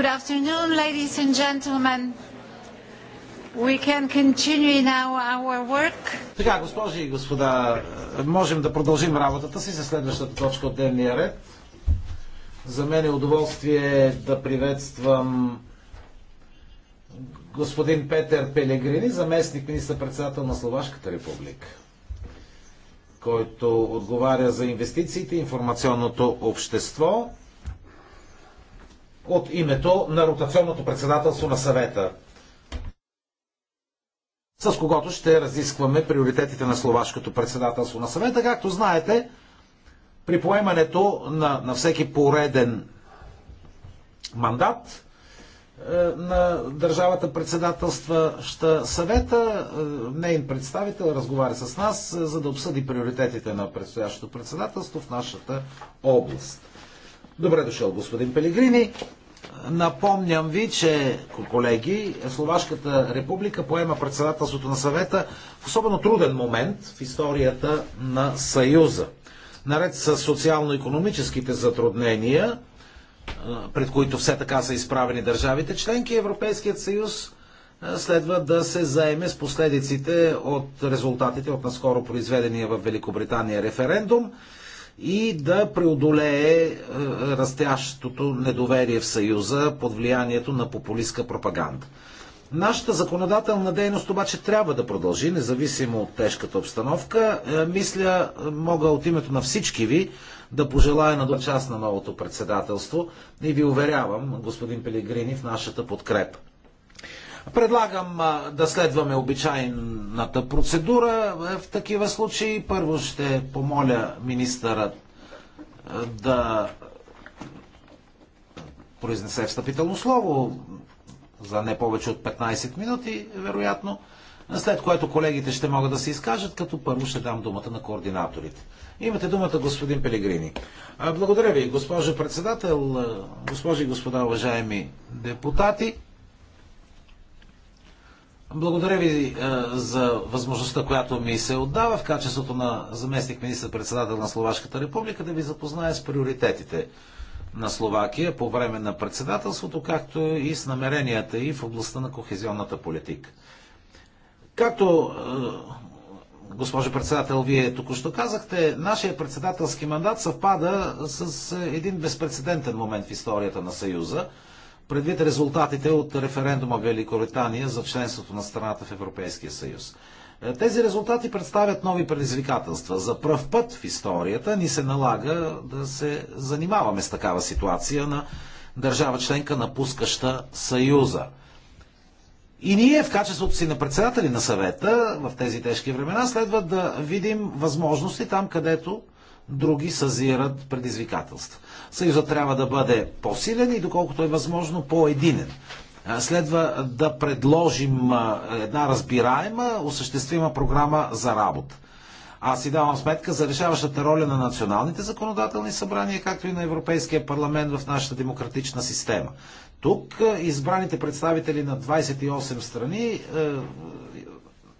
Good afternoon, ladies and gentlemen. We can continue now our work. Така, госпожи и господа, можем да продължим работата си за следващата точка от дневния ред. За мен е удоволствие да приветствам господин Петър Пелегрини, заместник министър-председател на Словашката република който отговаря за инвестициите, и информационното общество от името на ротационното председателство на съвета, с когото ще разискваме приоритетите на словашкото председателство на съвета. Както знаете, при поемането на, на всеки пореден мандат е, на държавата председателстваща съвета, е, нейн представител разговаря с нас, е, за да обсъди приоритетите на предстоящото председателство в нашата област. Добре дошъл, господин Пелигрини. Напомням ви, че, колеги, Словашката република поема председателството на съвета в особено труден момент в историята на Съюза. Наред с социално-економическите затруднения, пред които все така са изправени държавите членки, Европейският съюз следва да се заеме с последиците от резултатите от наскоро произведения в Великобритания референдум и да преодолее е, растящото недоверие в Съюза под влиянието на популистска пропаганда. Нашата законодателна дейност обаче трябва да продължи, независимо от тежката обстановка. Е, мисля, мога от името на всички ви да пожелая на част на новото председателство и ви уверявам, господин Пелигрини, в нашата подкрепа. Предлагам да следваме обичайната процедура в такива случаи. Първо ще помоля министърът да произнесе встъпително слово за не повече от 15 минути, вероятно, след което колегите ще могат да се изкажат, като първо ще дам думата на координаторите. Имате думата, господин Пелегрини. Благодаря ви, госпожо председател, госпожи и господа, уважаеми депутати. Благодаря ви е, за възможността, която ми се отдава в качеството на заместник министър-председател на Словашката република да ви запозная с приоритетите на Словакия по време на председателството, както и с намеренията и в областта на кохезионната политика. Както е, госпожо председател, вие току-що казахте, нашия председателски мандат съвпада с е, един безпредседентен момент в историята на Съюза – предвид резултатите от референдума в Великобритания за членството на страната в Европейския съюз. Е, тези резултати представят нови предизвикателства. За пръв път в историята ни се налага да се занимаваме с такава ситуация на държава членка, напускаща Съюза. И ние, в качеството си на председатели на съвета, в тези тежки времена, следва да видим възможности там, където други съзират предизвикателства. Съюзът трябва да бъде по-силен и доколкото е възможно по-единен. Следва да предложим една разбираема, осъществима програма за работа. Аз си давам сметка за решаващата роля на националните законодателни събрания, както и на Европейския парламент в нашата демократична система. Тук избраните представители на 28 страни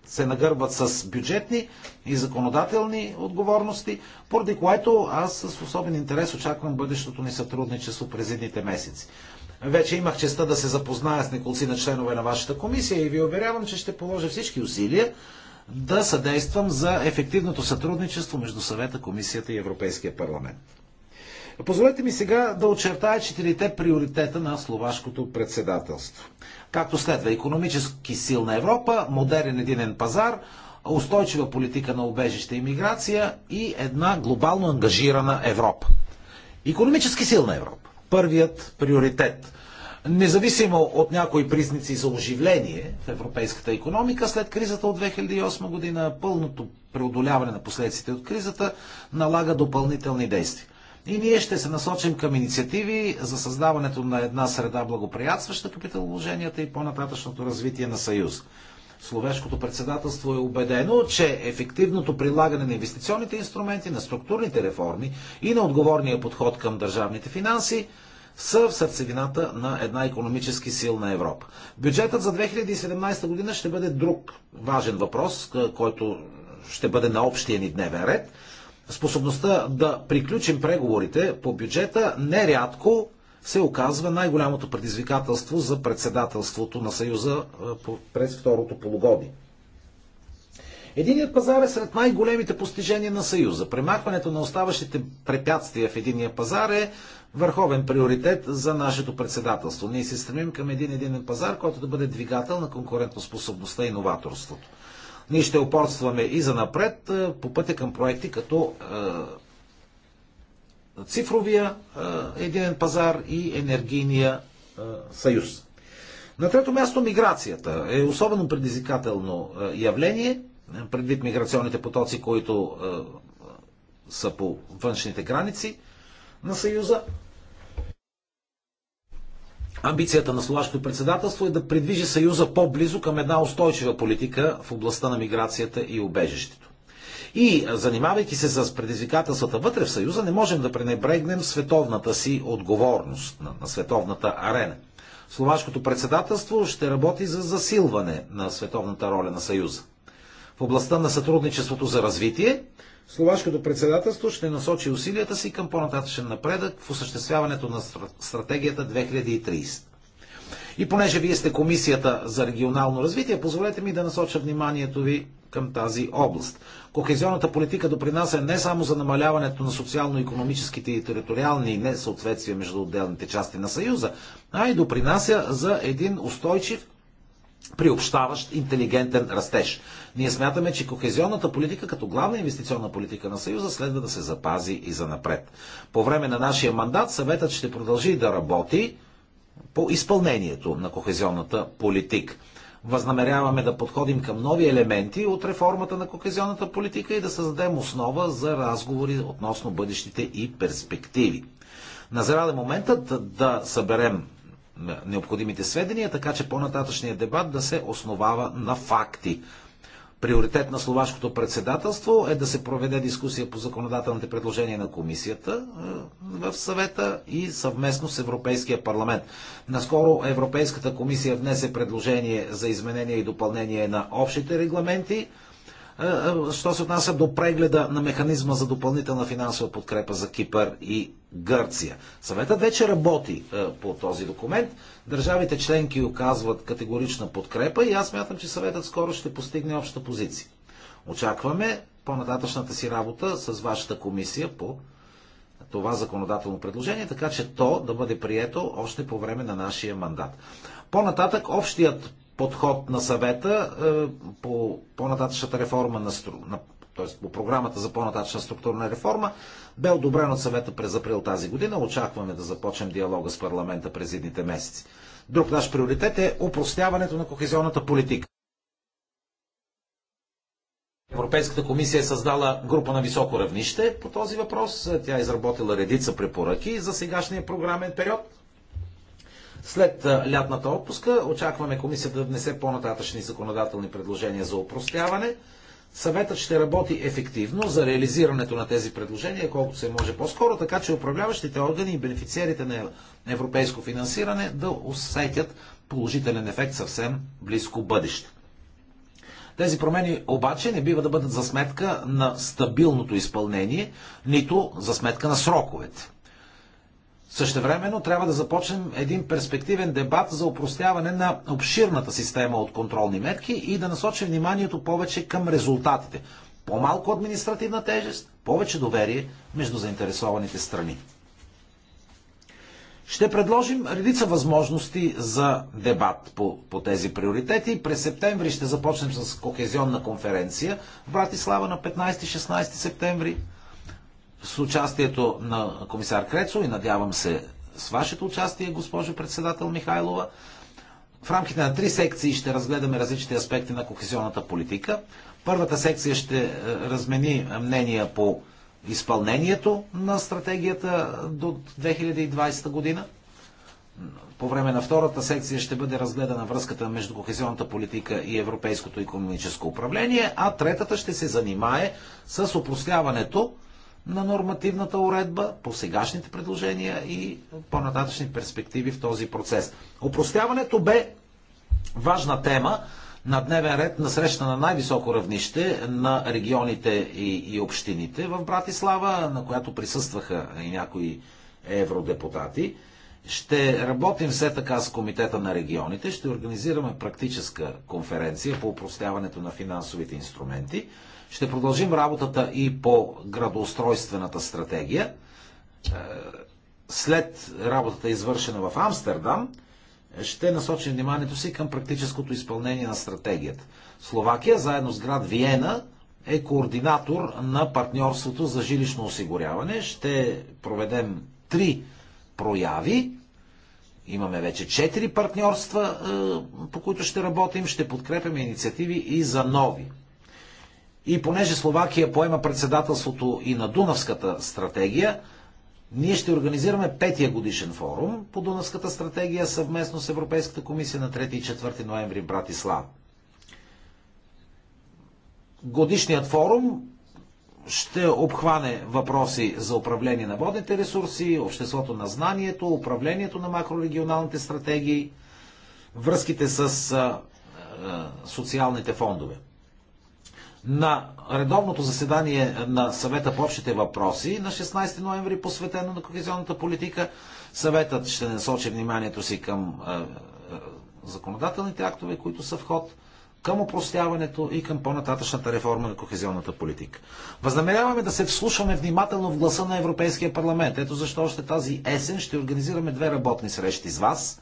се нагърбват с бюджетни и законодателни отговорности, поради което аз с особен интерес очаквам бъдещото ни сътрудничество през едните месеци. Вече имах честа да се запозная с неколци на членове на вашата комисия и ви уверявам, че ще положа всички усилия да съдействам за ефективното сътрудничество между съвета, комисията и Европейския парламент. Позволете ми сега да очертая четирите приоритета на словашкото председателство както следва. Економически силна Европа, модерен единен пазар, устойчива политика на убежище и миграция и една глобално ангажирана Европа. Економически силна Европа. Първият приоритет. Независимо от някои признаци за оживление в европейската економика, след кризата от 2008 година, пълното преодоляване на последиците от кризата налага допълнителни действия. И ние ще се насочим към инициативи за създаването на една среда благоприятстваща капиталовложенията и по-нататъчното развитие на Съюз. Словешкото председателство е убедено, че ефективното прилагане на инвестиционните инструменти, на структурните реформи и на отговорния подход към държавните финанси са в сърцевината на една економически силна Европа. Бюджетът за 2017 година ще бъде друг важен въпрос, който ще бъде на общия ни дневен ред способността да приключим преговорите по бюджета нерядко се оказва най-голямото предизвикателство за председателството на Съюза е, през второто полугодие. Единият пазар е сред най-големите постижения на Съюза. Премахването на оставащите препятствия в единия пазар е върховен приоритет за нашето председателство. Ние се стремим към един единен пазар, който да бъде двигател на конкурентоспособността и новаторството. Ние ще опорстваме и за напред по пътя към проекти като цифровия единен пазар и енергийния съюз. На трето място миграцията е особено предизвикателно явление, предвид миграционните потоци, които са по външните граници на Съюза. Амбицията на словашкото председателство е да придвижи Съюза по-близо към една устойчива политика в областта на миграцията и убежището. И, занимавайки се с предизвикателствата вътре в Съюза, не можем да пренебрегнем световната си отговорност на, на световната арена. Словашкото председателство ще работи за засилване на световната роля на Съюза. В областта на сътрудничеството за развитие Словашкото председателство ще насочи усилията си към по-нататъчен напредък в осъществяването на стратегията 2030. И понеже вие сте комисията за регионално развитие, позволете ми да насоча вниманието ви към тази област. Кохезионната политика допринася не само за намаляването на социално-економическите и териториални несъответствия между отделните части на Съюза, а и допринася за един устойчив приобщаващ интелигентен растеж. Ние смятаме, че кохезионната политика като главна инвестиционна политика на Съюза следва да се запази и за напред. По време на нашия мандат съветът ще продължи да работи по изпълнението на кохезионната политика. Възнамеряваме да подходим към нови елементи от реформата на кохезионната политика и да създадем основа за разговори относно бъдещите и перспективи. Назрял е моментът да съберем необходимите сведения, така че по-нататъчният дебат да се основава на факти. Приоритет на словашкото председателство е да се проведе дискусия по законодателните предложения на комисията е, в съвета и съвместно с Европейския парламент. Наскоро Европейската комисия внесе предложение за изменение и допълнение на общите регламенти е, е, що се отнася до прегледа на механизма за допълнителна финансова подкрепа за Кипър и Гърция. Съветът вече работи е, по този документ. Държавите членки оказват категорична подкрепа и аз мятам, че съветът скоро ще постигне обща позиция. Очакваме по-нататъчната си работа с вашата комисия по това законодателно предложение, така че то да бъде прието още по време на нашия мандат. По-нататък общият подход на съвета е, по по-нататъчната реформа на, на т.е. по програмата за по-нататъчна структурна реформа, бе одобрен от съвета през април тази година. Очакваме да започнем диалога с парламента през едните месеци. Друг наш приоритет е упростяването на кохезионната политика. Европейската комисия е създала група на високо равнище по този въпрос. Тя е изработила редица препоръки за сегашния програмен период. След лятната отпуска очакваме комисията да внесе по-нататъчни законодателни предложения за упростяване. Съветът ще работи ефективно за реализирането на тези предложения, колкото се може по-скоро, така че управляващите органи и бенефициерите на европейско финансиране да усетят положителен ефект съвсем близко бъдеще. Тези промени обаче не бива да бъдат за сметка на стабилното изпълнение, нито за сметка на сроковете. Същевременно трябва да започнем един перспективен дебат за упростяване на обширната система от контролни мерки и да насочим вниманието повече към резултатите. По-малко административна тежест, повече доверие между заинтересованите страни. Ще предложим редица възможности за дебат по, по тези приоритети. През септември ще започнем с кохезионна конференция в Братислава на 15-16 септември с участието на комисар Крецо и надявам се с вашето участие, госпожо председател Михайлова. В рамките на три секции ще разгледаме различните аспекти на кохезионната политика. Първата секция ще е, размени мнения по изпълнението на стратегията до 2020 година. По време на втората секция ще бъде разгледана връзката между кохезионната политика и европейското економическо управление, а третата ще се занимае с опростяването на нормативната уредба по сегашните предложения и по-нататъчни перспективи в този процес. Опростяването бе важна тема на дневен ред на среща на най-високо равнище на регионите и, и общините в Братислава, на която присъстваха и някои евродепутати. Ще работим все така с Комитета на регионите, ще организираме практическа конференция по упростяването на финансовите инструменти. Ще продължим работата и по градоустройствената стратегия. Е, след работата, извършена в Амстердам, ще насочим вниманието си към практическото изпълнение на стратегията. Словакия, заедно с град Виена, е координатор на партньорството за жилищно осигуряване. Ще проведем три прояви. Имаме вече четири партньорства, е, по които ще работим. Ще подкрепяме инициативи и за нови и понеже Словакия поема председателството и на Дунавската стратегия, ние ще организираме петия годишен форум по Дунавската стратегия съвместно с Европейската комисия на 3 и 4 ноември в Братислава. Годишният форум ще обхване въпроси за управление на водните ресурси, обществото на знанието, управлението на макрорегионалните стратегии, връзките с социалните фондове на редовното заседание на съвета по общите въпроси на 16 ноември, посветено на кохезионната политика. Съветът ще насочи вниманието си към е, е законодателните актове, които са в ход, към упростяването и към по-нататъчната реформа на кохезионната политика. Възнамеряваме да се вслушваме внимателно в гласа на Европейския парламент. Ето защо още тази есен ще организираме две работни срещи с вас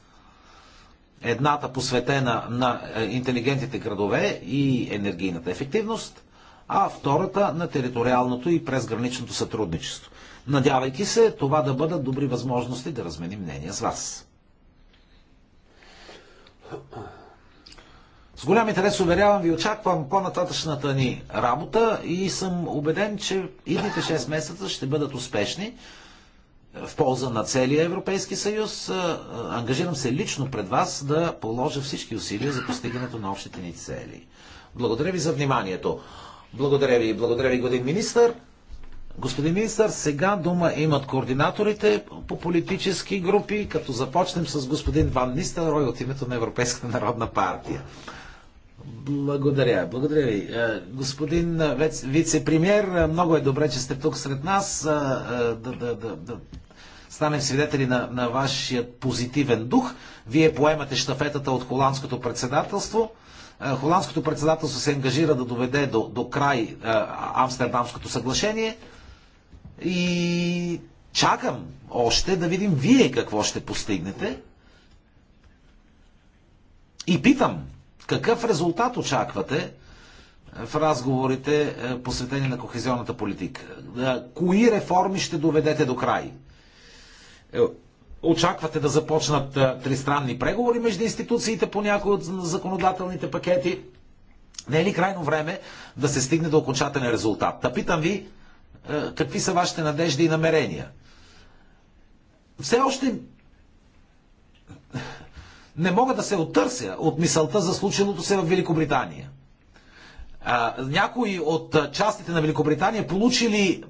едната посветена на е, интелигентните градове и енергийната ефективност, а втората на териториалното и презграничното сътрудничество. Надявайки се това да бъдат добри възможности да разменим мнения с вас. С голям интерес, уверявам ви, очаквам по-нататъчната ни работа и съм убеден, че идните 6 месеца ще бъдат успешни, в полза на целия Европейски съюз. Ангажирам се лично пред вас да положа всички усилия за постигането на общите ни цели. Благодаря ви за вниманието. Благодаря ви, благодаря ви, господин министър. Господин министър, сега дума имат координаторите по политически групи, като започнем с господин Ван Нистелрой от името на Европейската народна партия. Благодаря. Благодаря ви. Е, господин вице-премьер, много е добре, че сте тук сред нас. Е, е, да, да, да, да станем свидетели на, на вашия позитивен дух. Вие поемате штафетата от холандското председателство. Холандското председателство се ангажира да доведе до, до край Амстердамското съглашение. И чакам още да видим вие какво ще постигнете. И питам, какъв резултат очаквате е, в разговорите е, посветени на кохезионната политика? Е, кои реформи ще доведете до край? Очаквате да започнат тристранни преговори между институциите по някои от законодателните пакети? Не е ли крайно време да се стигне до окончателен резултат? Та питам ви, какви са вашите надежди и намерения? Все още не мога да се оттърся от мисълта за случилото се в Великобритания. Някои от частите на Великобритания получили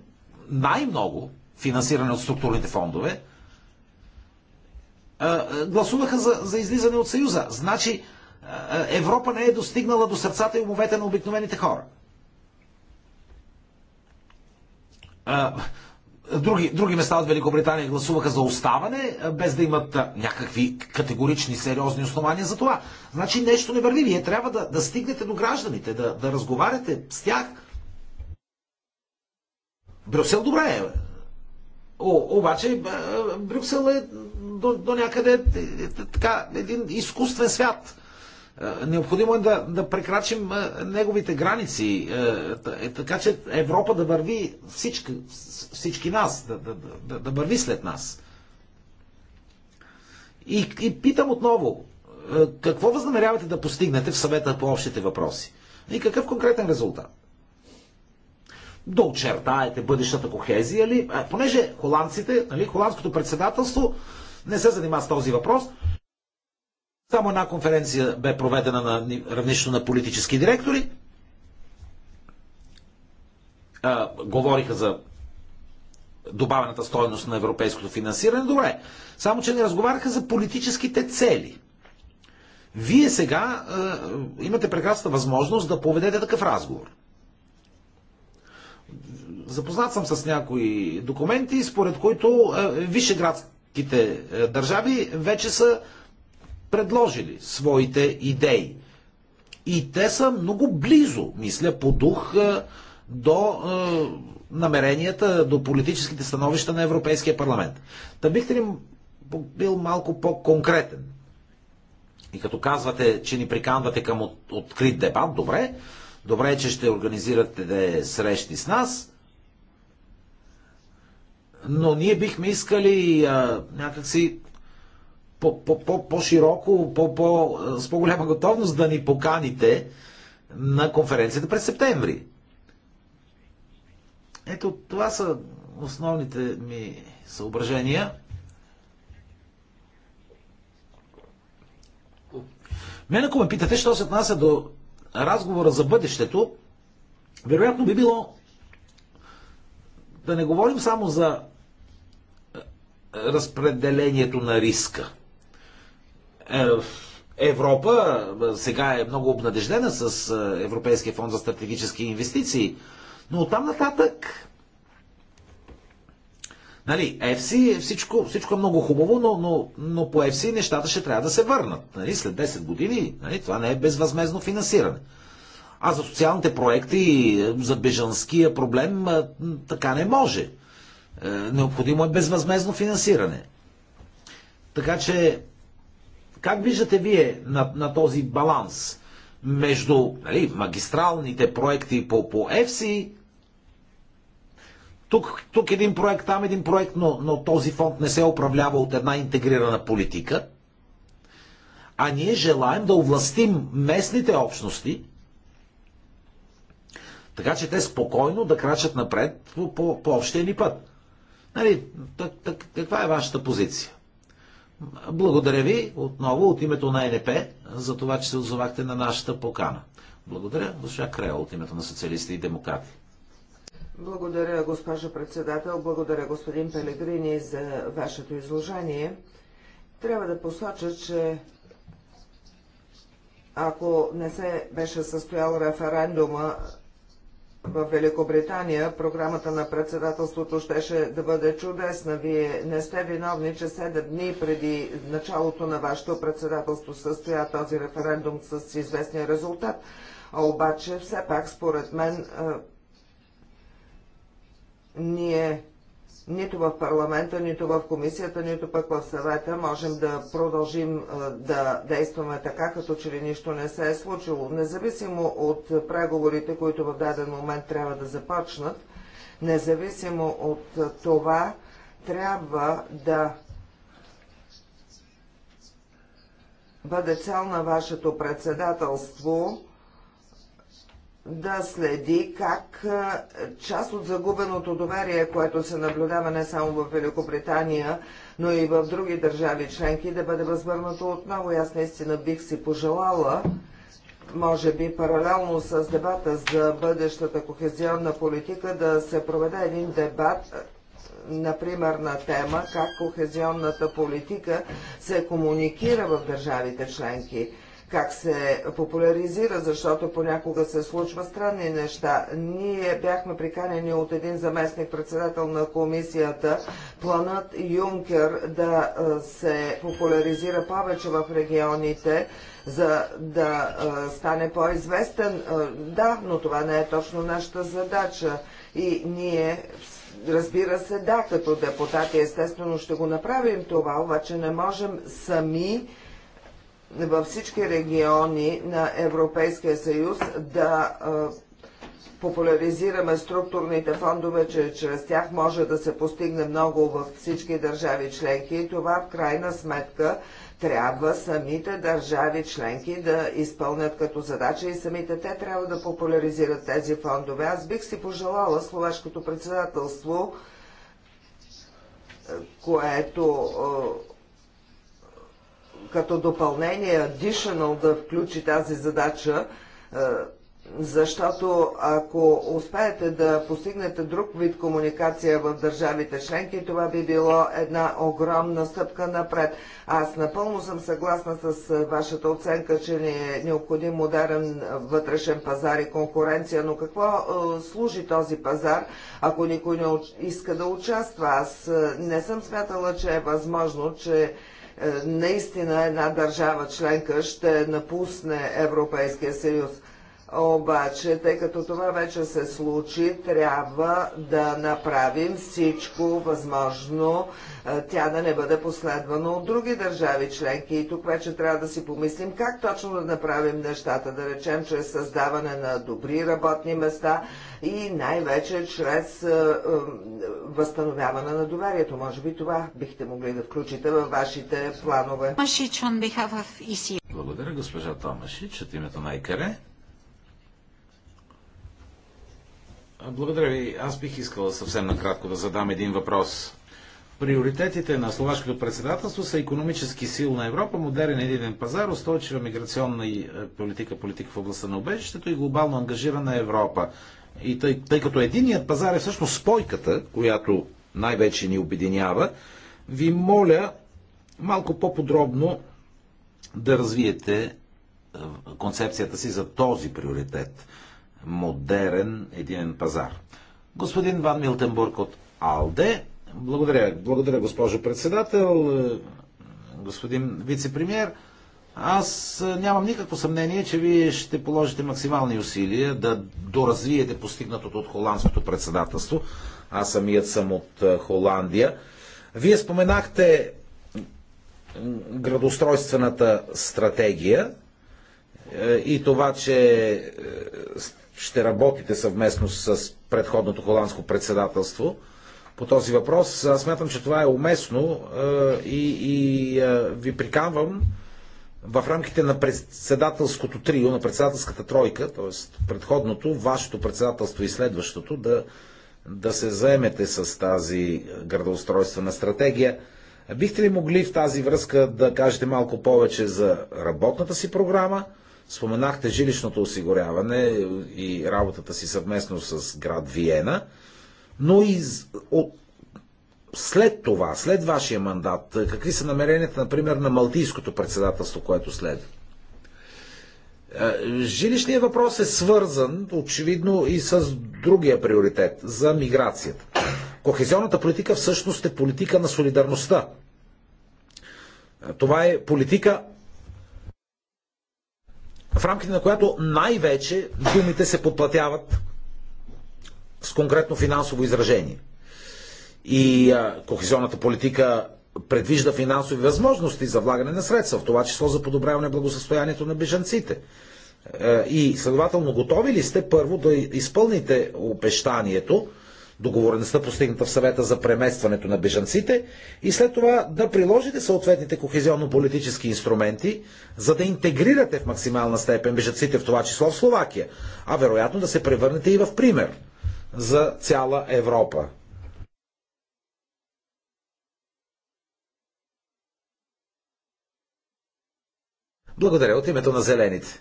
най-много финансиране от структурните фондове, гласуваха за, за излизане от Съюза. Значи Европа не е достигнала до сърцата и умовете на обикновените хора други, други места от Великобритания гласуваха за оставане, без да имат някакви категорични, сериозни основания за това. Значи нещо не върви. Вие трябва да, да стигнете до гражданите, да, да разговаряте с тях. Брюксел добре е. О, обаче Брюксел е до, до някъде е, е, е, така, един изкуствен свят. Е, необходимо е да, да прекрачим е, неговите граници, е, така че Европа да върви всички, всички нас, да, да, да, да върви след нас. И, и питам отново, какво възнамерявате да постигнете в съвета по общите въпроси? И какъв конкретен резултат? Да очертаете бъдещата кохезия ли? Понеже холандците, нали, холандското председателство не се занимава с този въпрос, само една конференция бе проведена на равнището на политически директори. А, говориха за добавената стоеност на европейското финансиране. Добре. Само, че не разговаряха за политическите цели. Вие сега а, имате прекрасна възможност да поведете такъв разговор. Запознат съм с някои документи, според които е, вишеградските държави вече са предложили своите идеи. И те са много близо, мисля, по дух е, до е, намеренията, до политическите становища на Европейския парламент. Та бихте ли бил малко по-конкретен? И като казвате, че ни приканвате към от, открит дебат, добре, добре, е, че ще организирате срещи с нас, но ние бихме искали е, някакси по-широко, по, по, с по-голяма готовност да ни поканите на конференцията през септември. Ето, това са основните ми съображения. Мен ако ме питате, що се отнася до разговора за бъдещето, вероятно би било да не говорим само за разпределението на риска. Е, Европа сега е много обнадеждена с Европейския фонд за стратегически инвестиции, но оттам нататък Нали, FC всичко, всичко е много хубаво, но, но, но по FC нещата ще трябва да се върнат. Нали, след 10 години нали, това не е безвъзмезно финансиране. А за социалните проекти, е, за бежанския проблем, е, така не може. Необходимо е безвъзмезно финансиране. Така че как виждате вие на, на този баланс между нали, магистралните проекти по, по EFSI? Тук, тук един проект, там един проект, но, но този фонд не се управлява от една интегрирана политика. А ние желаем да овластим местните общности, така че те спокойно да крачат напред по, по, по общия ни път. Нали, так, так, каква е вашата позиция? Благодаря ви отново от името на НП за това, че се озовахте на нашата покана. Благодаря, госпожа Крел от името на социалисти и демократи. Благодаря, госпожо председател. Благодаря, господин Пелегрини, за вашето изложение. Трябва да посоча, че ако не се беше състоял референдума в Великобритания програмата на председателството щеше да бъде чудесна. Вие не сте виновни, че 7 дни преди началото на вашето председателство състоя този референдум с известния резултат. А обаче, все пак, според мен, ние нито в парламента, нито в комисията, нито пък в съвета можем да продължим е, да действаме така, като че ли нищо не се е случило. Независимо от преговорите, които в даден момент трябва да започнат, независимо от това, трябва да бъде цел на вашето председателство да следи как част от загубеното доверие, което се наблюдава не само в Великобритания, но и в други държави членки, да бъде възвърнато отново. Аз наистина бих си пожелала, може би паралелно с дебата за бъдещата кохезионна политика, да се проведе един дебат например, на тема как кохезионната политика се комуникира в държавите членки как се популяризира, защото понякога се случва странни неща. Ние бяхме приканени от един заместник председател на комисията планът Юнкер да се популяризира повече в регионите, за да стане по-известен. Да, но това не е точно нашата задача. И ние Разбира се, да, като депутати естествено ще го направим това, обаче не можем сами във всички региони на Европейския съюз да популяризираме структурните фондове, че чрез тях може да се постигне много във всички държави членки и това в крайна сметка трябва самите държави членки да изпълнят като задача и самите те трябва да популяризират тези фондове. Аз бих си пожелала словашкото председателство, което като допълнение, additional, да включи тази задача, е, защото ако успеете да постигнете друг вид комуникация в държавите членки, това би било една огромна стъпка напред. Аз напълно съм съгласна с е, вашата оценка, че ни е необходим модерен е, вътрешен пазар и конкуренция, но какво е, служи този пазар, ако никой не иска да участва? Аз не съм смятала, че е възможно, че е, наистина една държава членка ще напусне Европейския съюз. Обаче, тъй като това вече се случи, трябва да направим всичко възможно тя да не бъде последвана от други държави членки. И тук вече трябва да си помислим как точно да направим нещата, да речем, чрез създаване на добри работни места и най-вече чрез възстановяване на доверието. Може би това бихте могли да включите във вашите планове. E Благодаря, госпожа Томашич, от името на Икаре. Благодаря ви. Аз бих искала съвсем накратко да задам един въпрос. Приоритетите на словашкото председателство са економически сил на Европа, модерен единен пазар, устойчива миграционна и е, политика, политика в областта на убежището и глобално ангажирана Европа. И тъй, тъй като единият пазар е всъщност спойката, която най-вече ни обединява, ви моля малко по-подробно да развиете е, концепцията си за този приоритет модерен единен пазар. Господин Ван Милтенбург от АЛДЕ. Благодаря, благодаря госпожо председател, господин вице-премьер. Аз нямам никакво съмнение, че вие ще положите максимални усилия да доразвиете постигнатото от холандското председателство. Аз самият съм от е, Холандия. Вие споменахте градостройствената стратегия е, и това, че е, ще работите съвместно с предходното холандско председателство по този въпрос. Аз смятам, че това е уместно и, и ви приканвам в рамките на председателското трио, на председателската тройка, т.е. предходното, вашето председателство и следващото, да, да се заемете с тази градоустройствена стратегия. Бихте ли могли в тази връзка да кажете малко повече за работната си програма, Споменахте жилищното осигуряване и работата си съвместно с град Виена, но и от... след това, след вашия мандат, какви са намеренията, например, на Малтийското председателство, което следва? Е, жилищният въпрос е свързан, очевидно, и с другия приоритет за миграцията. Кохезионната политика всъщност е политика на солидарността. Е, това е политика в рамките на която най-вече думите се подплатяват с конкретно финансово изражение. И а, кохезионната политика предвижда финансови възможности за влагане на средства, в това число за подобряване благосъстоянието на бежанците. Е, и следователно, готови ли сте първо да изпълните обещанието договореността постигната в съвета за преместването на бежанците и след това да приложите съответните кохезионно-политически инструменти, за да интегрирате в максимална степен бежанците, в това число в Словакия, а вероятно да се превърнете и в пример за цяла Европа. Благодаря от името на зелените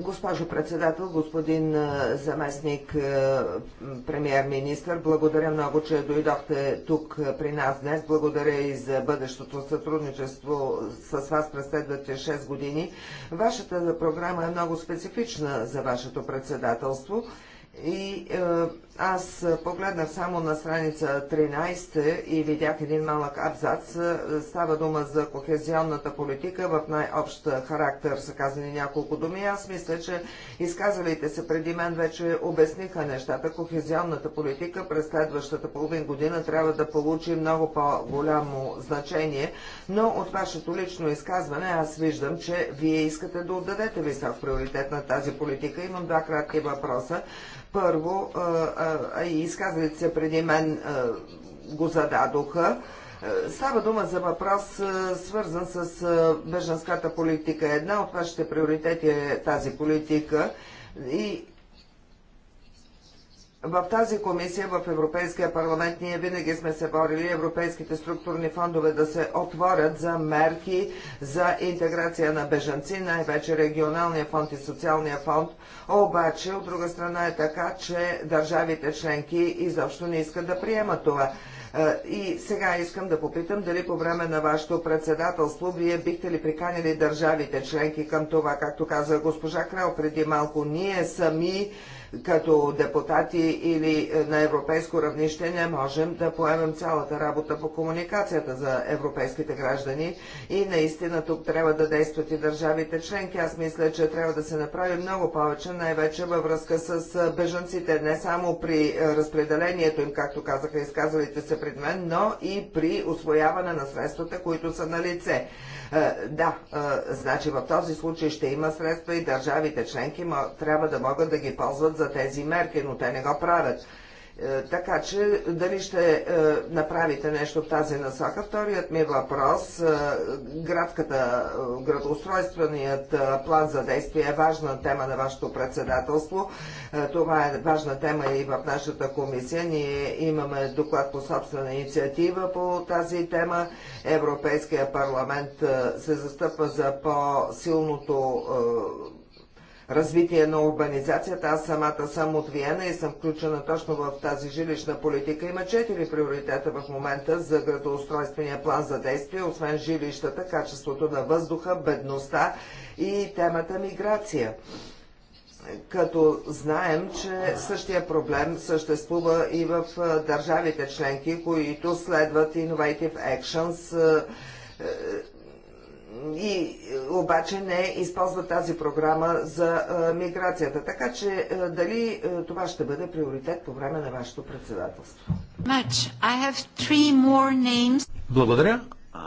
Госпожо председател, господин заместник премьер-министр, благодаря много, че дойдохте тук при нас днес. Благодаря и за бъдещото сътрудничество с вас през следващите 6 години. Вашата програма е много специфична за вашето председателство и е, аз погледнах само на страница 13 и видях един малък абзац. Става дума за кохезионната политика в най-общ характер, са казани няколко думи. Аз мисля, че изказалите се преди мен вече обясниха нещата. Кохезионната политика през следващата половин година трябва да получи много по-голямо значение, но от вашето лично изказване аз виждам, че вие искате да отдадете висок приоритет на тази политика. Имам два кратки въпроса. Първо, и изказалите се преди мен го зададоха. Става дума за въпрос, свързан с беженската политика. Една от вашите приоритети е тази политика. И в тази комисия в Европейския парламент ние винаги сме се борили европейските структурни фондове да се отворят за мерки за интеграция на бежанци, най-вече регионалния фонд и социалния фонд. Обаче, от друга страна е така, че държавите членки изобщо не искат да приемат това. Е, и сега искам да попитам дали по време на вашето председателство вие бихте ли приканили държавите членки към това, както каза госпожа Крал преди малко, ние сами като депутати или е, на европейско равнище не можем да поемем цялата работа по комуникацията за европейските граждани и наистина тук трябва да действат и държавите членки. Аз мисля, че трябва да се направи много повече, най-вече във връзка с е, бежанците, не само при е, разпределението им, както казаха изказалите се пред мен, но и при освояване на средствата, които са на лице. Е, да, е, значи в този случай ще има средства и държавите членки трябва да могат да ги ползват за тези мерки, но те не го правят. Е, така че, дали ще е, направите нещо в тази насока? Вторият ми въпрос, е, градката, градоустройственият план за действие е важна тема на вашето председателство. Това е важна тема и в нашата комисия. Ние имаме доклад по собствена инициатива по тази тема. Европейския парламент се застъпва за по-силното развитие на урбанизацията. Аз самата съм от Виена и съм включена точно в тази жилищна политика. Има четири приоритета в момента за градоустройствения план за действие, освен жилищата, качеството на въздуха, бедността и темата миграция като знаем, че същия проблем съществува и в държавите членки, които следват Innovative Actions, и е, обаче не използват тази програма за е, миграцията. Така че е, дали това ще бъде приоритет по време на вашето председателство? Благодаря.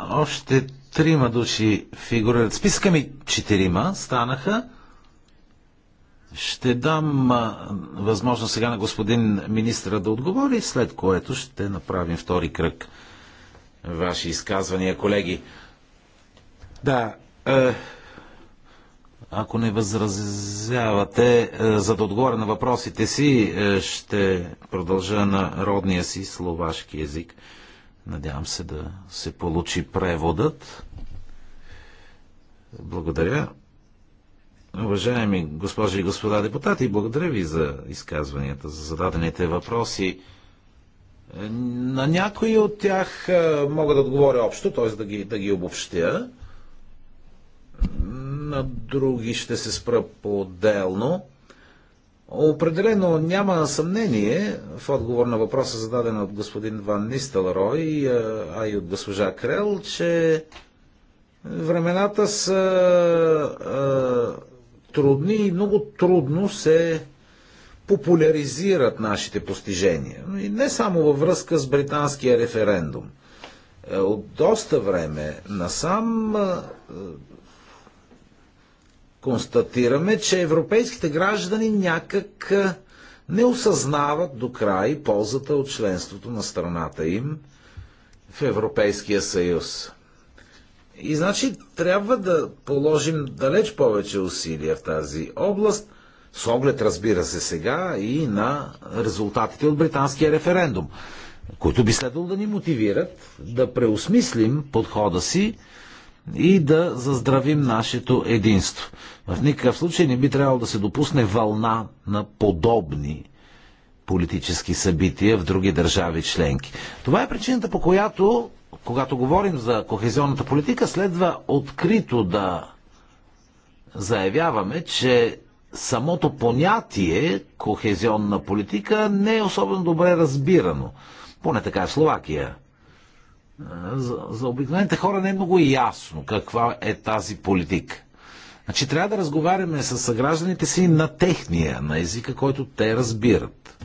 Още трима души фигурират. Списка ми четирима станаха. Ще дам възможност сега на господин министра да отговори, след което ще направим втори кръг ваши изказвания, колеги. Да. Е, ако не възразявате, е, за да отговоря на въпросите си, е, ще продължа на родния си словашки език. Надявам се да се получи преводът. Благодаря. Уважаеми госпожи и господа депутати, благодаря ви за изказванията, за зададените въпроси. Е, на някои от тях е, мога да отговоря общо, т.е. Да ги, да ги обобщя на други ще се спра по-отделно. Определено няма съмнение в отговор на въпроса, зададен от господин Ван Рой, а и от госпожа Крел, че времената са трудни и много трудно се популяризират нашите постижения. И не само във връзка с британския референдум. Е, от доста време насам констатираме, че европейските граждани някак не осъзнават до край ползата от членството на страната им в Европейския съюз. И значи трябва да положим далеч повече усилия в тази област, с оглед, разбира се, сега и на резултатите от британския референдум, които би следвало да ни мотивират да преосмислим подхода си и да заздравим нашето единство. В никакъв случай не би трябвало да се допусне вълна на подобни политически събития в други държави членки. Това е причината по която, когато говорим за кохезионната политика, следва открито да заявяваме, че самото понятие кохезионна политика не е особено добре разбирано. Поне така е в Словакия за, за обикновените хора не е много ясно каква е тази политика. Значи трябва да разговаряме с съгражданите си на техния, на езика, който те разбират.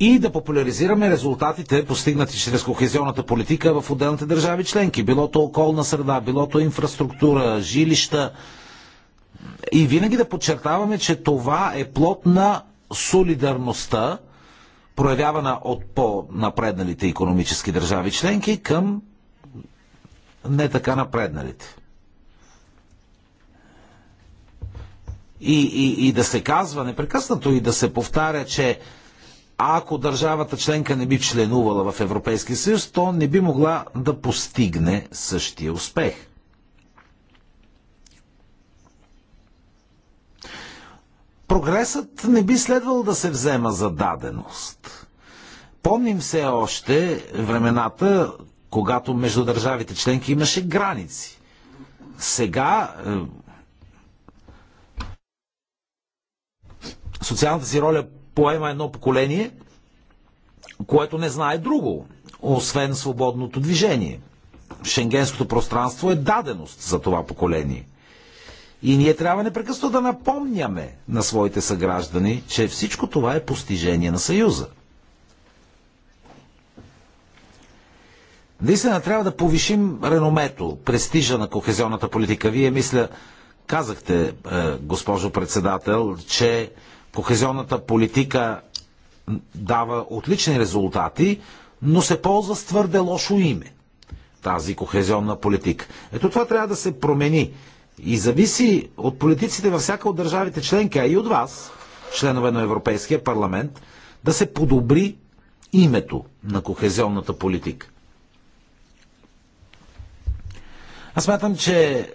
и да популяризираме резултатите, постигнати чрез кохезионната политика в отделните държави членки. Било то околна среда, било то инфраструктура, жилища, и винаги да подчертаваме, че това е плод на солидарността, проявявана от по-напредналите економически държави членки към не така напредналите. И, и, и да се казва непрекъснато и да се повтаря, че ако държавата членка не би членувала в Европейския съюз, то не би могла да постигне същия успех. прогресът не би следвал да се взема за даденост. Помним все още времената, когато между държавите членки имаше граници. Сега е, социалната си роля поема едно поколение, което не знае друго, освен свободното движение. Шенгенското пространство е даденост за това поколение. И ние трябва непрекъсно да напомняме на своите съграждани, че всичко това е постижение на Съюза. Наистина трябва да повишим реномето, престижа на кохезионната политика. Вие, мисля, казахте, е, госпожо председател, че кохезионната политика дава отлични резултати, но се ползва с твърде лошо име. Тази кохезионна политика. Ето това трябва да се промени. И зависи от политиците във всяка от държавите членки, а и от вас, членове на Европейския парламент, да се подобри името на кохезионната политика. Аз смятам, че е,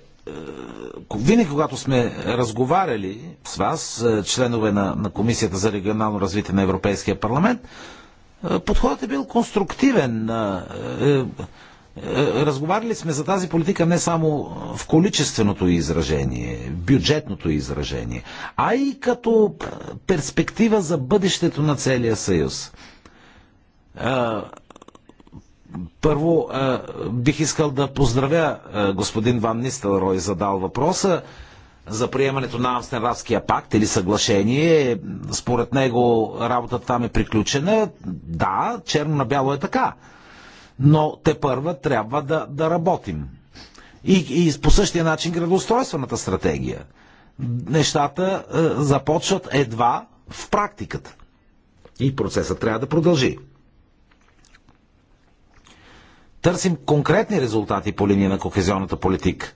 винаги, когато сме разговаряли с вас, е, членове на, на Комисията за регионално развитие на Европейския парламент, е, подходът е бил конструктивен. Е, разговаряли сме за тази политика не само в количественото изражение, бюджетното изражение, а и като перспектива за бъдещето на целия съюз. Е, първо, е, бих искал да поздравя господин Ван Нистелрой задал въпроса за приемането на Амстенравския пакт или съглашение. Според него работата там е приключена. Да, черно на бяло е така но те първа трябва да, да работим. И, и по същия начин градоустройствената стратегия. Нещата е, започват едва в практиката. И процесът трябва да продължи. Търсим конкретни резултати по линия на кохезионната политика.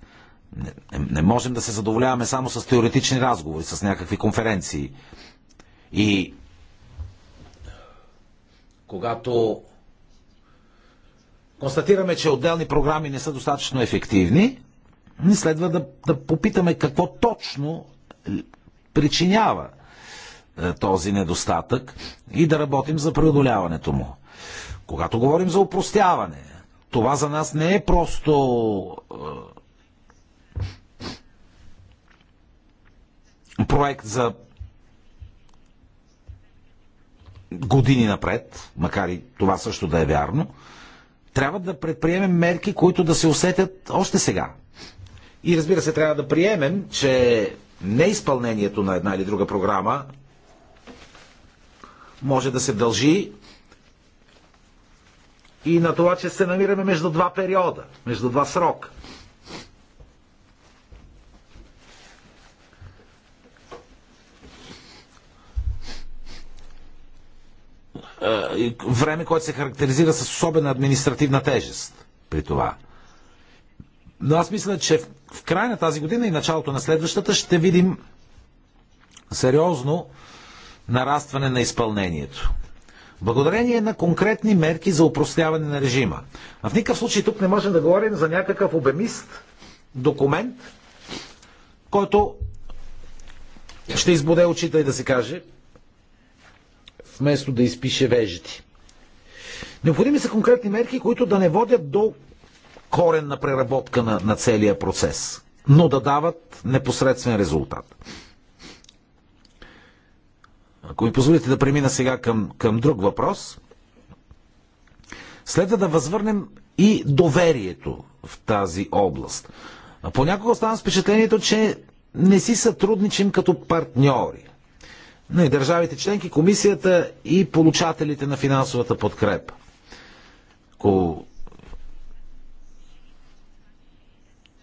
Не, не можем да се задоволяваме само с теоретични разговори, с някакви конференции. И когато констатираме, че отделни програми не са достатъчно ефективни, ни следва да, да попитаме какво точно причинява е, този недостатък и да работим за преодоляването му. Когато говорим за упростяване, това за нас не е просто е, проект за години напред, макар и това също да е вярно, трябва да предприемем мерки, които да се усетят още сега. И разбира се, трябва да приемем, че неизпълнението на една или друга програма може да се дължи и на това, че се намираме между два периода, между два срока – Е, време, което се характеризира с особена административна тежест при това. Но аз мисля, че в края на тази година и началото на следващата ще видим сериозно нарастване на изпълнението. Благодарение на конкретни мерки за упростяване на режима. А в никакъв случай тук не можем да говорим за някакъв обемист документ, който ще избуде очите и да се каже, вместо да изпише вежди. Необходими са конкретни мерки, които да не водят до коренна преработка на, на целия процес, но да дават непосредствен резултат. Ако ми позволите да премина сега към, към друг въпрос, следва да възвърнем и доверието в тази област. понякога оставам с впечатлението, че не си сътрудничим като партньори. Не, държавите членки, комисията и получателите на финансовата подкрепа. Ако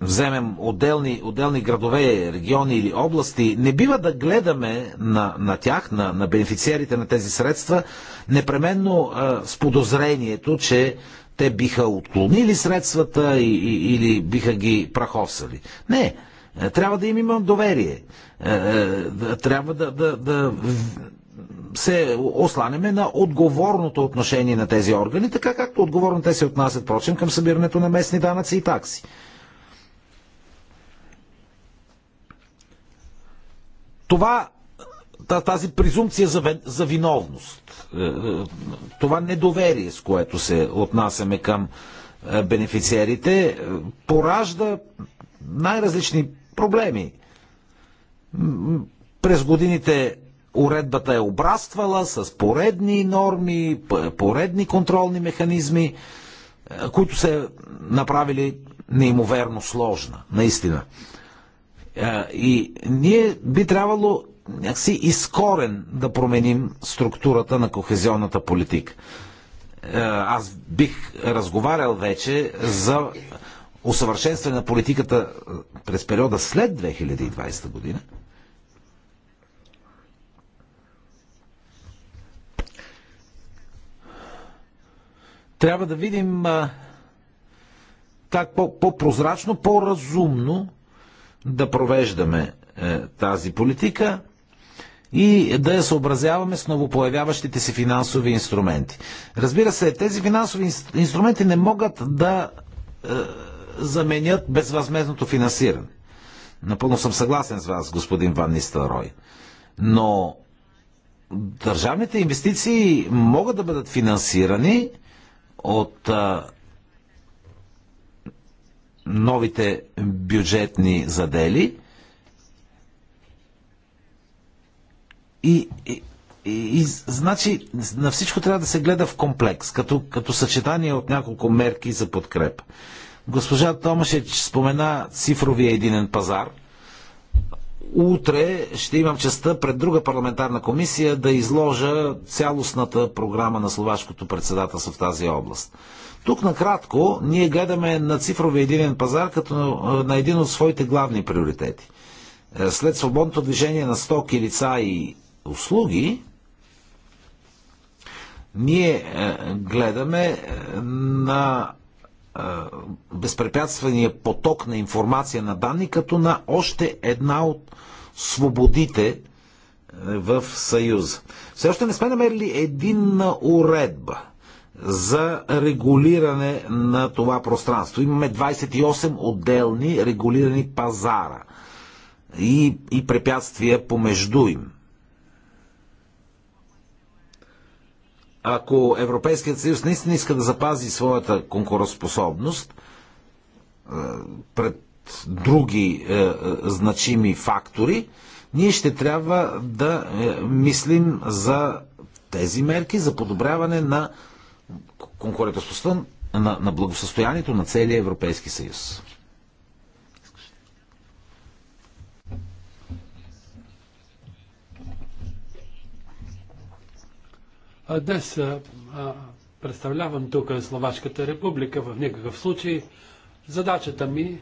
вземем отделни, отделни градове, региони или области, не бива да гледаме на, на тях, на, на бенефициерите на тези средства, непременно а, с подозрението, че те биха отклонили средствата и, и, или биха ги прахосали. Не, е, трябва да им имам доверие. Е, е, трябва да, да, да се осланеме на отговорното отношение на тези органи, така както отговорно те се отнасят, прочим, към събирането на местни данъци и такси. Това, тази презумпция за, за виновност, това недоверие, с което се отнасяме към бенефициерите, поражда най-различни проблеми. През годините уредбата е обраствала с поредни норми, поредни контролни механизми, е, които се направили неимоверно сложна, наистина. Е, и ние би трябвало някакси изкорен да променим структурата на кохезионната политика. Е, аз бих разговарял вече за усъвършенстване на политиката е, през периода след 2020 година, трябва да видим е, как по-прозрачно, -по по-разумно да провеждаме е, тази политика и да я съобразяваме с новопоявяващите се финансови инструменти. Разбира се, тези финансови инструменти не могат да е, заменят безвъзмезното финансиране. Напълно съм съгласен с вас, господин Ван Нистелрой. Но държавните инвестиции могат да бъдат финансирани от а, новите бюджетни задели и, и, и, и значи на всичко трябва да се гледа в комплекс, като, като съчетание от няколко мерки за подкрепа. Госпожа Томашеч спомена цифровия единен пазар. Утре ще имам честа пред друга парламентарна комисия да изложа цялостната програма на словашкото председателство в тази област. Тук накратко ние гледаме на цифровия единен пазар като на един от своите главни приоритети. Е, след свободното движение на стоки, лица и услуги, ние е, гледаме е, на безпрепятствения поток на информация на данни като на още една от свободите е, в Съюза. Все още не сме намерили единна уредба за регулиране на това пространство. Имаме 28 отделни регулирани пазара и, и препятствия помежду им. ако Европейският съюз наистина иска да запази своята конкурентоспособност е, пред други е, е, значими фактори, ние ще трябва да мислим за тези мерки за подобряване на конкурентоспособността на, на благосъстоянието на целия Европейски съюз. Днес представлявам тук Словашката република. В никакъв случай задачата ми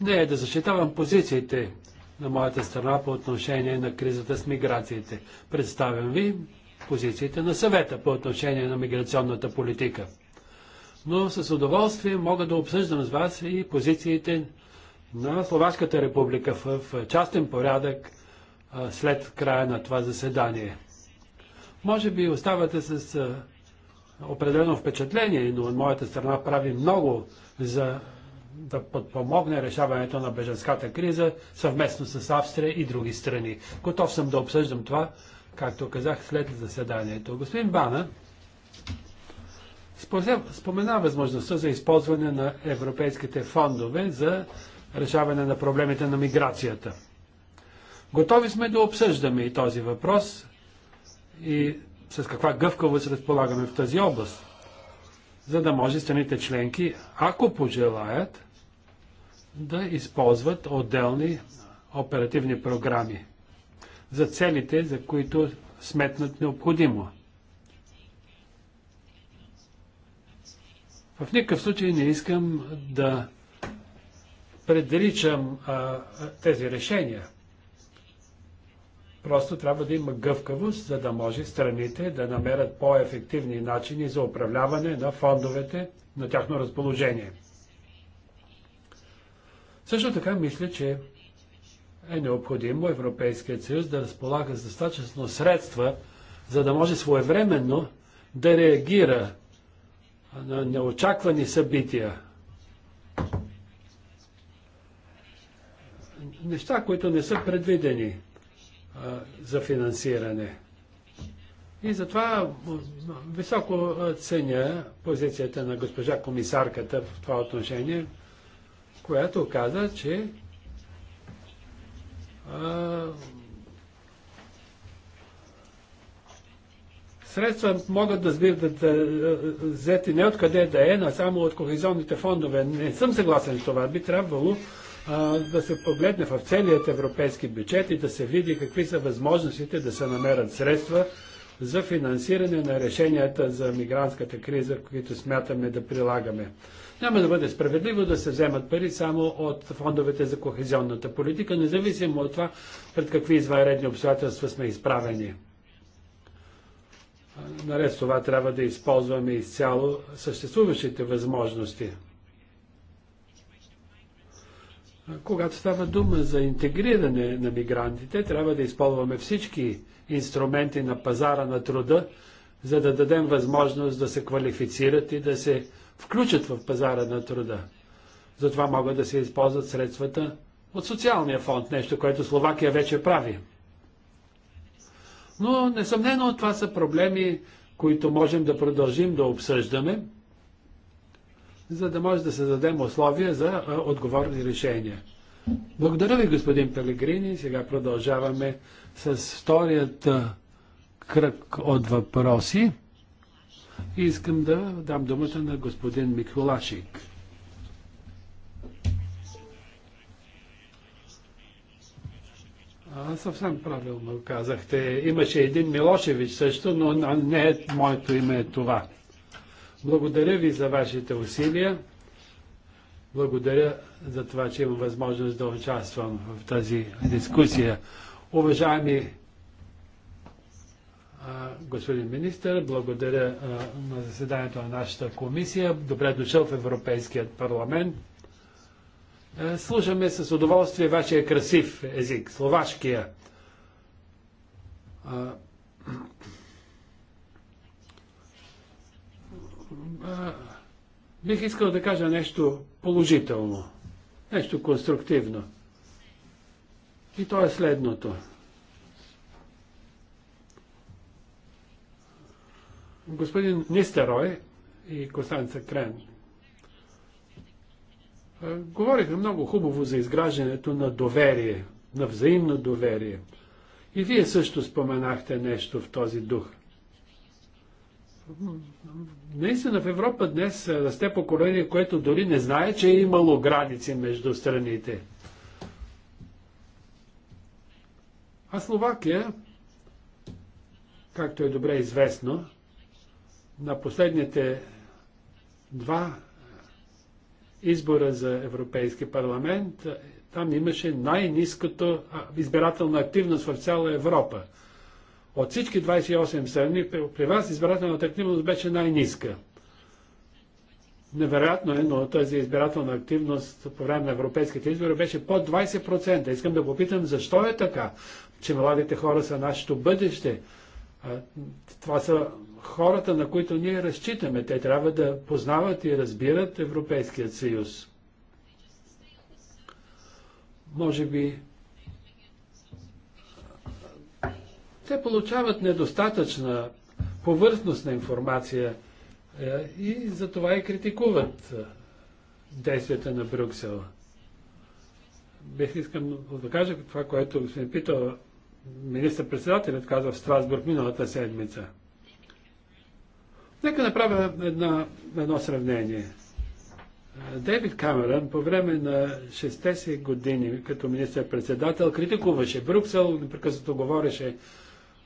не е да защитавам позициите на моята страна по отношение на кризата с миграциите. Представям ви позициите на съвета по отношение на миграционната политика. Но с удоволствие мога да обсъждам с вас и позициите на Словашката република в частен порядък след края на това заседание. Може би оставате с определено впечатление, но от моята страна прави много за да подпомогне решаването на беженската криза съвместно с Австрия и други страни. Готов съм да обсъждам това, както казах, след заседанието. Господин Бана спомена възможността за използване на европейските фондове за решаване на проблемите на миграцията. Готови сме да обсъждаме и този въпрос и с каква гъвкавост разполагаме в тази област, за да може страните членки, ако пожелаят, да използват отделни оперативни програми за целите, за които сметнат необходимо. В никакъв случай не искам да предричам а, тези решения. Просто трябва да има гъвкавост, за да може страните да намерят по-ефективни начини за управляване на фондовете на тяхно разположение. Също така мисля, че е необходимо Европейският съюз да разполага с достатъчно средства, за да може своевременно да реагира на неочаквани събития. Неща, които не са предвидени за финансиране. И затова високо ценя позицията на госпожа комисарката в това отношение, която каза, че а, средства могат да сбиват взети не откъде да е, а само от кохезионните фондове. Не съм съгласен с това. Би трябвало да се погледне в целият европейски бюджет и да се види какви са възможностите да се намерят средства за финансиране на решенията за мигрантската криза, които смятаме да прилагаме. Няма да бъде справедливо да се вземат пари само от фондовете за кохезионната политика, независимо от това пред какви извънредни обстоятелства сме изправени. Наред с това трябва да използваме изцяло съществуващите възможности – когато става дума за интегриране на мигрантите, трябва да използваме всички инструменти на пазара на труда, за да дадем възможност да се квалифицират и да се включат в пазара на труда. Затова могат да се използват средствата от социалния фонд, нещо, което Словакия вече прави. Но, несъмнено, това са проблеми, които можем да продължим да обсъждаме за да може да създадем условия за отговорни решения. Благодаря ви, господин Пелегрини. Сега продължаваме с вторият кръг от въпроси. И искам да дам думата на господин Миколашик. А, съвсем правилно казахте. Имаше един Милошевич също, но не е, моето име е това. Благодаря ви за вашите усилия. Благодаря за това, че имам възможност да участвам в тази дискусия. Уважаеми господин министр, благодаря на заседанието на нашата комисия. Добре дошъл в Европейският парламент. Слушаме с удоволствие вашия красив език, словашкия. бих искал да кажа нещо положително, нещо конструктивно. И то е следното. Господин Нистерой и Костанца Крен говориха много хубаво за изграждането на доверие, на взаимно доверие. И вие също споменахте нещо в този дух наистина в Европа днес расте поколение, което дори не знае, че е имало граници между страните. А Словакия, както е добре известно, на последните два избора за Европейски парламент, там имаше най-низката избирателна активност в цяла Европа. От всички 28 страни при вас избирателната активност беше най-ниска. Невероятно е, но тази избирателна активност по време на европейските избори беше под 20%. Искам да попитам защо е така, че младите хора са нашето бъдеще. Това са хората, на които ние разчитаме. Те трябва да познават и разбират Европейският съюз. Може би Те получават недостатъчна повърхностна информация е, и затова и критикуват е, действията на Брюксел. Бих искам да кажа това, което господин питал министър-председателят каза в Страсбург миналата седмица. Нека направя една, едно сравнение. Дейвид Камерън по време на 6 си години като министър-председател критикуваше Брюксел, непрекъснато говореше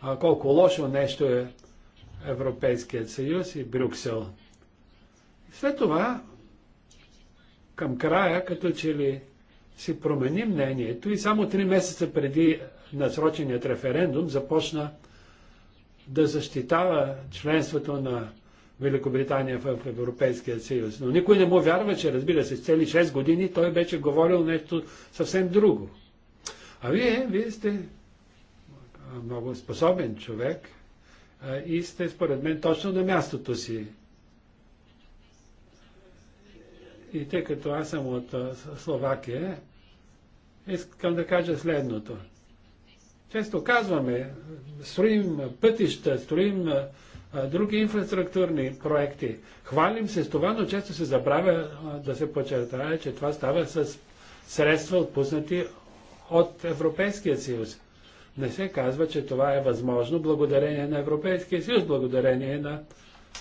а, колко лошо нещо е Европейският съюз и Брюксел. След това, към края, като че ли си промени мнението и само три месеца преди насроченият референдум започна да защитава членството на Великобритания в Европейския съюз. Но никой не му вярва, че разбира се, цели 6 години той беше говорил нещо съвсем друго. А вие, вие сте много способен човек и сте според мен точно на мястото си. И тъй като аз съм от Словакия, искам да кажа следното. Често казваме, строим пътища, строим други инфраструктурни проекти. Хвалим се с това, но често се забравя да се подчертае, че това става с средства отпуснати от Европейския съюз не се казва, че това е възможно благодарение на Европейския съюз, благодарение на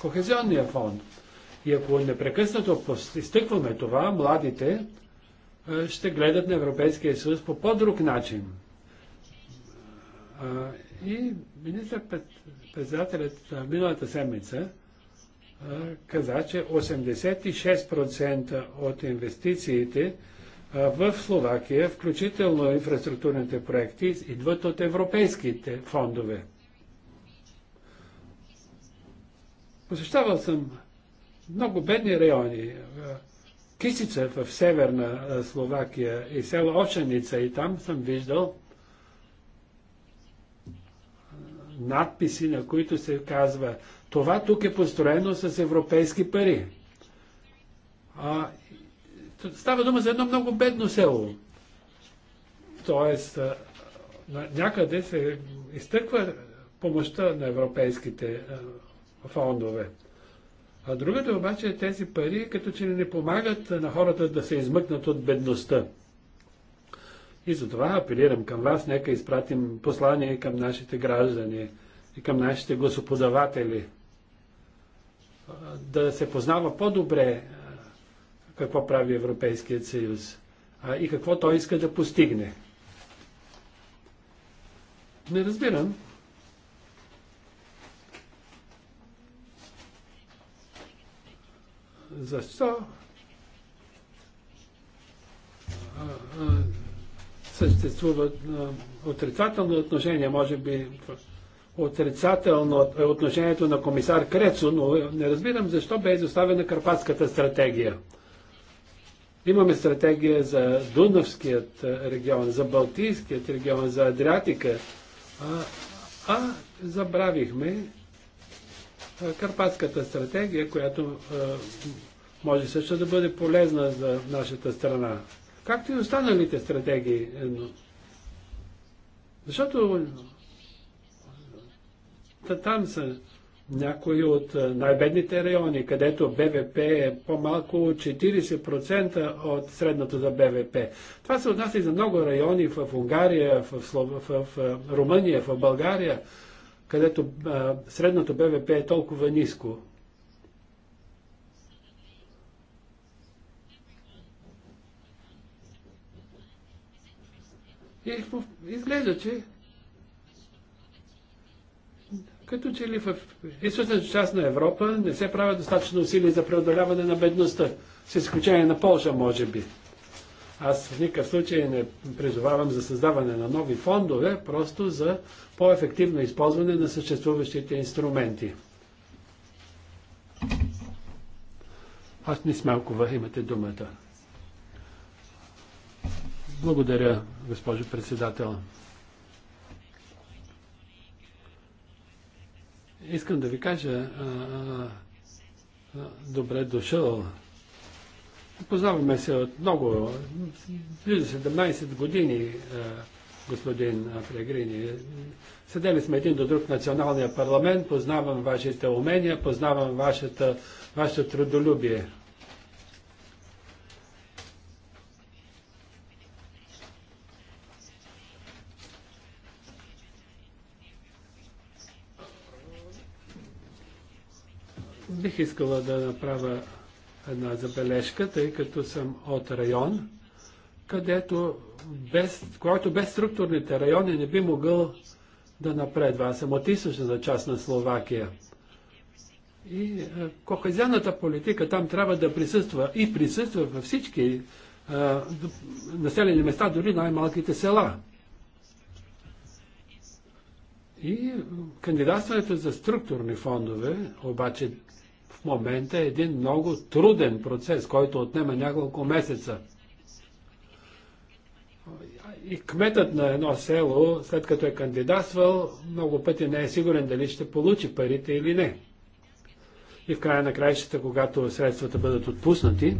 Кохезионния фонд. И ако непрекъснато изтъкваме това, младите е, ще гледат на Европейския съюз по по-друг начин. И министър-председателят миналата седмица каза, че 86% от инвестициите в Словакия, включително инфраструктурните проекти, идват от европейските фондове. Посещавал съм много бедни райони. Кисица в северна Словакия и село Ошеница и там съм виждал надписи, на които се казва това тук е построено с европейски пари. А, Става дума за едно много бедно село. Тоест, някъде се изтъква помощта на европейските фондове. А другата обаче е тези пари, като че не помагат на хората да се измъкнат от бедността. И затова апелирам към вас, нека изпратим послание към нашите граждани и към нашите гласоподаватели. Да се познава по-добре какво прави Европейският съюз а, и какво той иска да постигне. Не разбирам. Защо? съществуват отрицателно отношение, може би отрицателно е отношението на комисар Крецо, но не разбирам защо бе изоставена Карпатската стратегия. Имаме стратегия за Дунавският регион, за Балтийският регион, за Адриатика. А, а забравихме Карпатската стратегия, която а, може също да бъде полезна за нашата страна. Както и останалите стратегии. Е, защото там са някои от най-бедните райони, където БВП е по-малко 40% от средното за БВП. Това се отнася и за много райони в Унгария, в, Слов... в Румъния, в България, където средното БВП е толкова ниско. И изглежда, че като че ли в източната част на Европа не се правят достатъчно усилия за преодоляване на бедността, с изключение на Польша, може би. Аз в никакъв случай не призовавам за създаване на нови фондове, просто за по-ефективно използване на съществуващите инструменти. Аз не смелкова, имате думата. Благодаря, госпожо председател. искам да ви кажа, а, а, добре дошъл. Познаваме се от много, близо 17 години, господин Прегрини. Седели сме един до друг в националния парламент, познавам вашите умения, познавам вашето трудолюбие. Бих искала да направя една забележка, тъй като съм от район, където без, който без структурните райони не би могъл да напредва. Аз съм от източната част на Словакия. И е, кохезионната политика там трябва да присъства и присъства във всички а, е, населени места, дори най-малките села. И кандидатстването за структурни фондове обаче в момента е един много труден процес, който отнема няколко месеца. И кметът на едно село, след като е кандидатствал, много пъти не е сигурен дали ще получи парите или не. И в края на краищата, когато средствата бъдат отпуснати,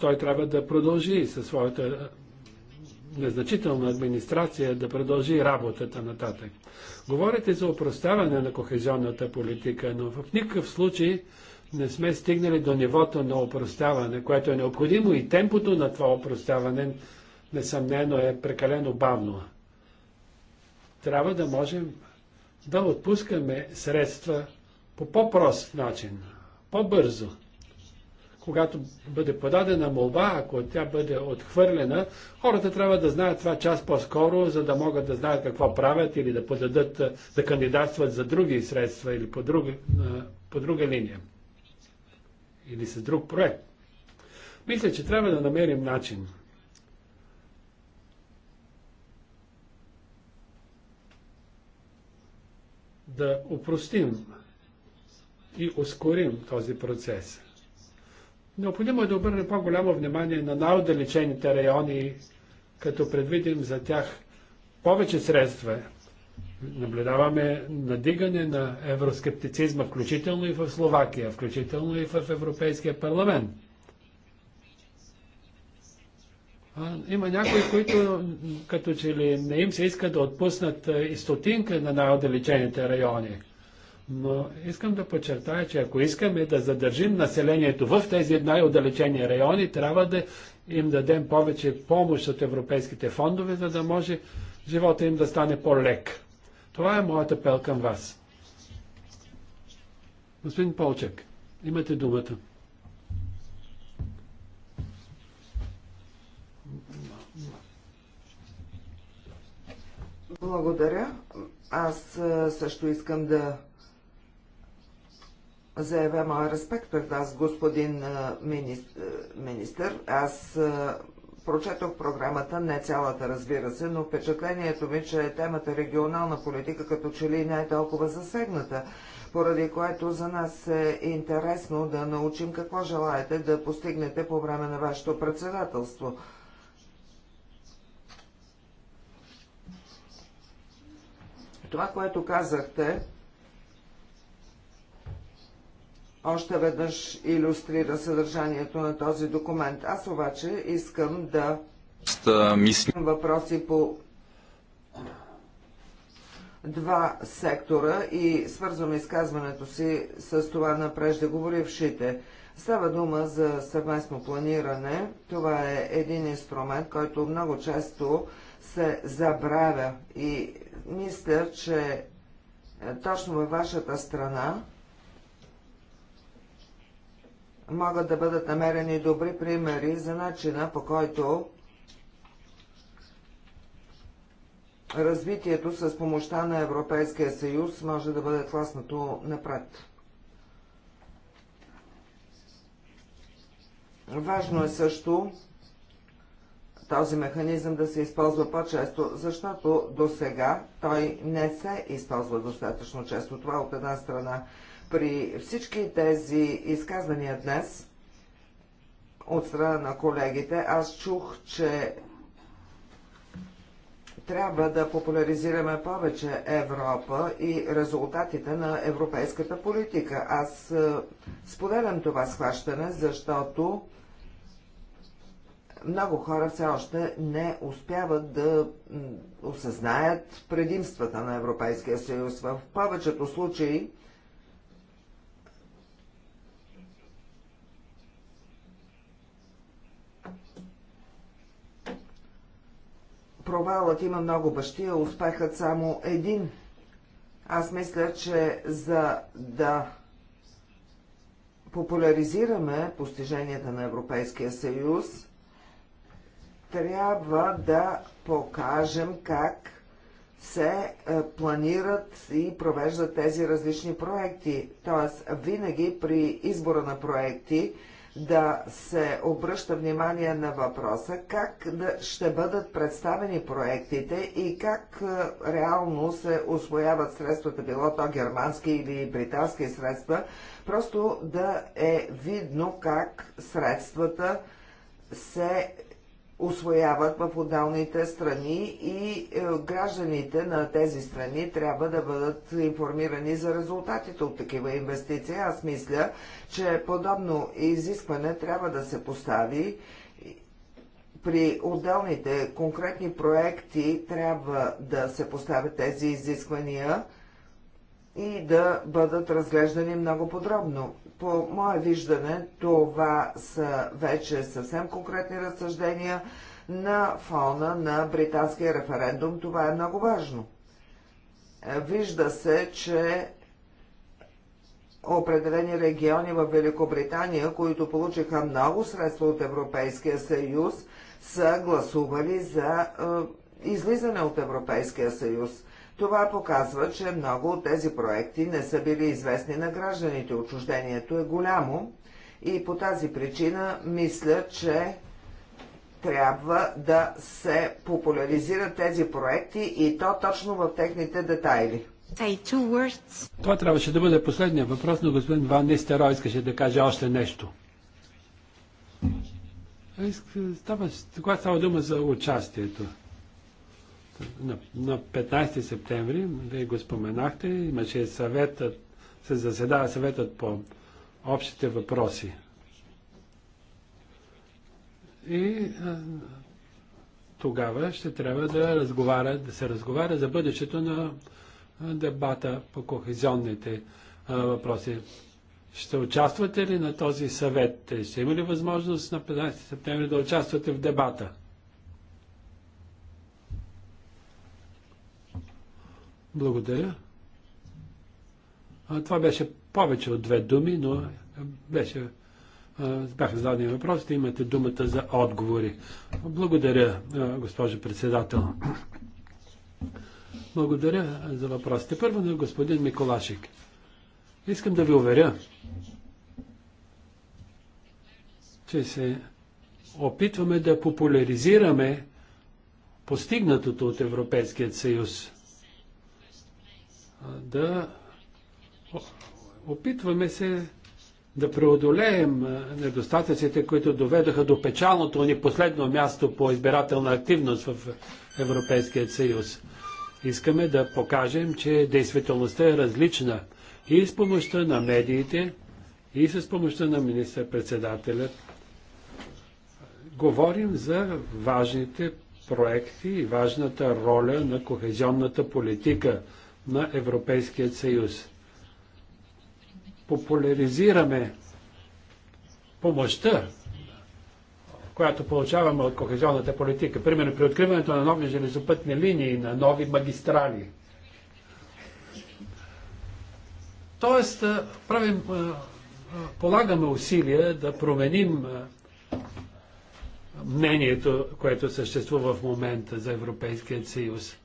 той трябва да продължи със своята незначителна администрация да продължи работата нататък. Говорите за опростяване на кохезионната политика, но в никакъв случай не сме стигнали до нивото на опростяване, което е необходимо и темпото на това опростяване несъмнено е прекалено бавно. Трябва да можем да отпускаме средства по по-прост начин, по-бързо когато бъде подадена молба, ако тя бъде отхвърлена, хората трябва да знаят това час по-скоро, за да могат да знаят какво правят или да подадат, да кандидатстват за други средства или по друга, по друга линия. Или с друг проект. Мисля, че трябва да намерим начин. Да упростим и ускорим този процес. Необходимо е да обърнем по-голямо внимание на най-отдалечените райони, като предвидим за тях повече средства. Наблюдаваме надигане на евроскептицизма, включително и в Словакия, включително и в Европейския парламент. има някои, които като че ли не им се иска да отпуснат и стотинка на най-отдалечените райони. Но искам да подчертая, че ако искаме да задържим населението в тези най-отдалечени райони, трябва да им дадем повече помощ от европейските фондове, за да може живота им да стане по-лек. Това е моят апел към вас. Господин Полчек, имате думата. Благодаря. Аз също искам да заявя моя респект пред вас, господин министър. Аз прочетох програмата, не цялата, разбира се, но впечатлението ми, че темата регионална политика като че ли не е толкова засегната, поради което за нас е интересно да научим какво желаете да постигнете по време на вашето председателство. Това, което казахте, още веднъж иллюстрира съдържанието на този документ. Аз обаче искам да въпроси по два сектора и свързвам изказването си с това на преждеговорившите. Става дума за съвместно планиране. Това е един инструмент, който много често се забравя и мисля, че точно във вашата страна могат да бъдат намерени добри примери за начина по който развитието с помощта на Европейския съюз може да бъде тласнато напред. Важно е също този механизъм да се използва по-често, защото до сега той не се използва достатъчно често. Това от една страна при всички тези изказвания днес от страна на колегите, аз чух, че трябва да популяризираме повече Европа и резултатите на европейската политика. Аз е, споделям това схващане, защото много хора все още не успяват да осъзнаят предимствата на Европейския съюз. В повечето случаи провалът има много бащи, а успехът само един. Аз мисля, че за да популяризираме постиженията на Европейския съюз, трябва да покажем как се е, планират и провеждат тези различни проекти. Тоест, винаги при избора на проекти да се обръща внимание на въпроса как да, ще бъдат представени проектите и как е, реално се освояват средствата, било то германски или британски средства, просто да е видно как средствата се освояват в отделните страни и е, гражданите на тези страни трябва да бъдат информирани за резултатите от такива инвестиции. Аз мисля, че подобно изискване трябва да се постави при отделните конкретни проекти трябва да се поставят тези изисквания – и да бъдат разглеждани много подробно. По мое виждане, това са вече съвсем конкретни разсъждения на фона на британския референдум. Това е много важно. Е, вижда се, че определени региони в Великобритания, които получиха много средства от Европейския съюз, са гласували за е, излизане от Европейския съюз. Това показва, че много от тези проекти не са били известни на гражданите. Отчуждението е голямо и по тази причина мисля, че трябва да се популяризират тези проекти и то точно в техните детайли. Това трябваше да бъде последния въпрос, но господин Ван Нистеро искаше да каже още нещо. Е, става, когато става дума за участието на, на 15 септември, вие го споменахте, имаше съветът, се заседава съветът по общите въпроси. И а, тогава ще трябва да разговаря, да се разговаря за бъдещето на дебата по кохезионните а, въпроси. Ще участвате ли на този съвет? Ще има ли възможност на 15 септември да участвате в дебата? Благодаря. А, това беше повече от две думи, но беше, а, бяха зададени въпросите. Имате думата за отговори. Благодаря, госпожо председател. Благодаря за въпросите. Първо на господин Миколашик. Искам да ви уверя, че се опитваме да популяризираме постигнатото от Европейският съюз да опитваме се да преодолеем недостатъците, които доведоха до печалното ни последно място по избирателна активност в Европейския съюз. Искаме да покажем, че действителността е различна и с помощта на медиите, и с помощта на министър-председателя. Говорим за важните проекти и важната роля на кохезионната политика – на Европейския съюз. Популяризираме помощта, която получаваме от кохезионната политика. Примерно при откриването на нови железопътни линии, на нови магистрали. Тоест, правим, полагаме усилия да променим мнението, което съществува в момента за Европейския съюз.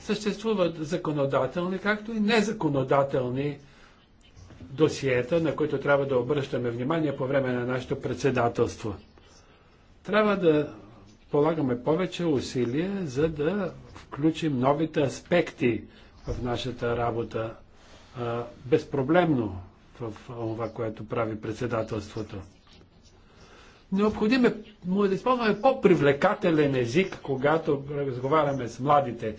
Съществуват законодателни, както и незаконодателни досиета, на които трябва да обръщаме внимание по време на нашето председателство. Трябва да полагаме повече усилия, за да включим новите аспекти в нашата работа безпроблемно в това, което прави председателството. Необходимо е, е да използваме по-привлекателен език, когато разговаряме с младите.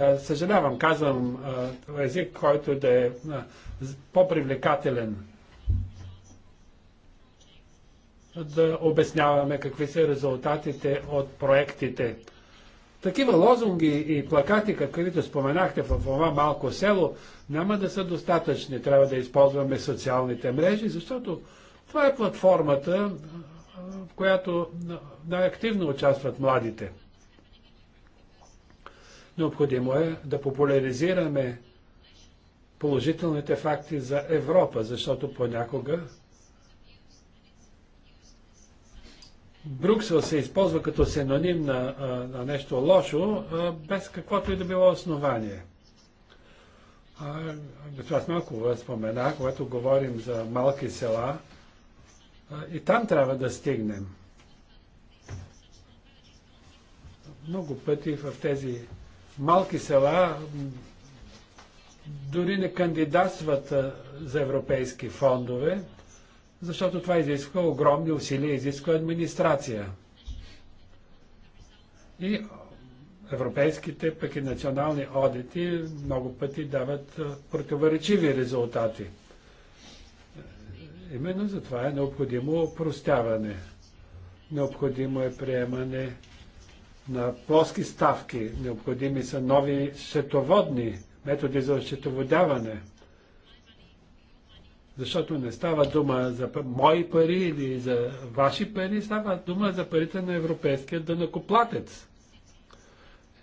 Е, съжалявам, казвам е, език, който да е по-привлекателен. Да обясняваме какви са резултатите от проектите. Такива лозунги и плакати, каквито споменахте в това малко село, няма да са достатъчни. Трябва да използваме социалните мрежи, защото това е платформата, в която най-активно участват младите. Необходимо е да популяризираме положителните факти за Европа, защото понякога Бруксел се използва като синоним на, на нещо лошо, без каквото и да било основание. Аз малко спомена, когато говорим за малки села, и там трябва да стигнем. Много пъти в тези малки села дори не кандидатстват за европейски фондове, защото това изисква огромни усилия, изисква администрация. И европейските, пък и национални одити много пъти дават противоречиви резултати. Именно за това е необходимо простяване. Необходимо е приемане на плоски ставки. Необходими са нови счетоводни методи за счетоводяване. Защото не става дума за мои пари или за ваши пари, става дума за парите на европейския дънакоплатец.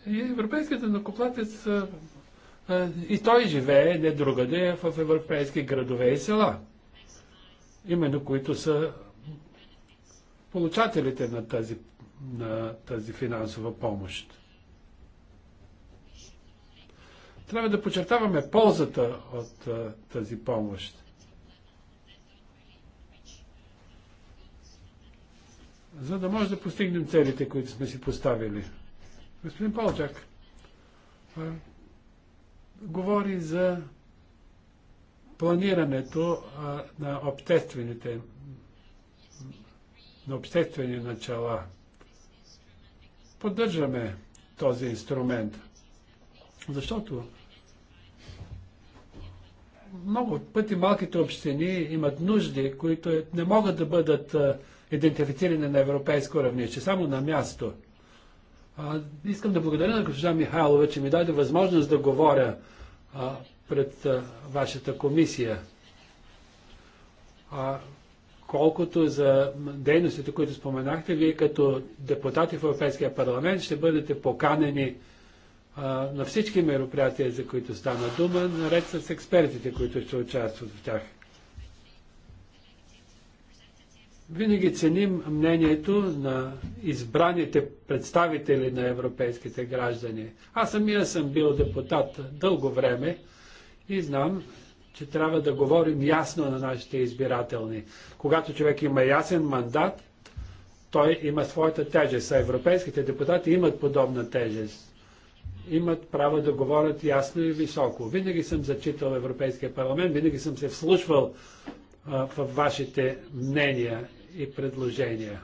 И европейският дънакоплатец и той живее не другаде, в европейски градове и села именно които са получателите на тази, на тази финансова помощ. Трябва да подчертаваме ползата от а, тази помощ. За да може да постигнем целите, които сме си поставили. Господин Полчак а, говори за планирането а, на обществените на обществени начала. Поддържаме този инструмент, защото много пъти малките общини имат нужди, които не могат да бъдат идентифицирани на европейско равнище, само на място. А, искам да благодаря на госпожа Михайлова, че ми даде възможност да говоря а, пред вашата комисия. А колкото за дейностите, които споменахте, вие като депутати в Европейския парламент ще бъдете поканени а, на всички мероприятия, за които стана дума, наред с експертите, които ще участват в тях. Винаги ценим мнението на избраните представители на европейските граждани. Аз самия съм бил депутат дълго време и знам, че трябва да говорим ясно на нашите избирателни. Когато човек има ясен мандат, той има своята тежест. А европейските депутати имат подобна тежест. Имат право да говорят ясно и високо. Винаги съм зачитал Европейския парламент, винаги съм се вслушвал в вашите мнения и предложения.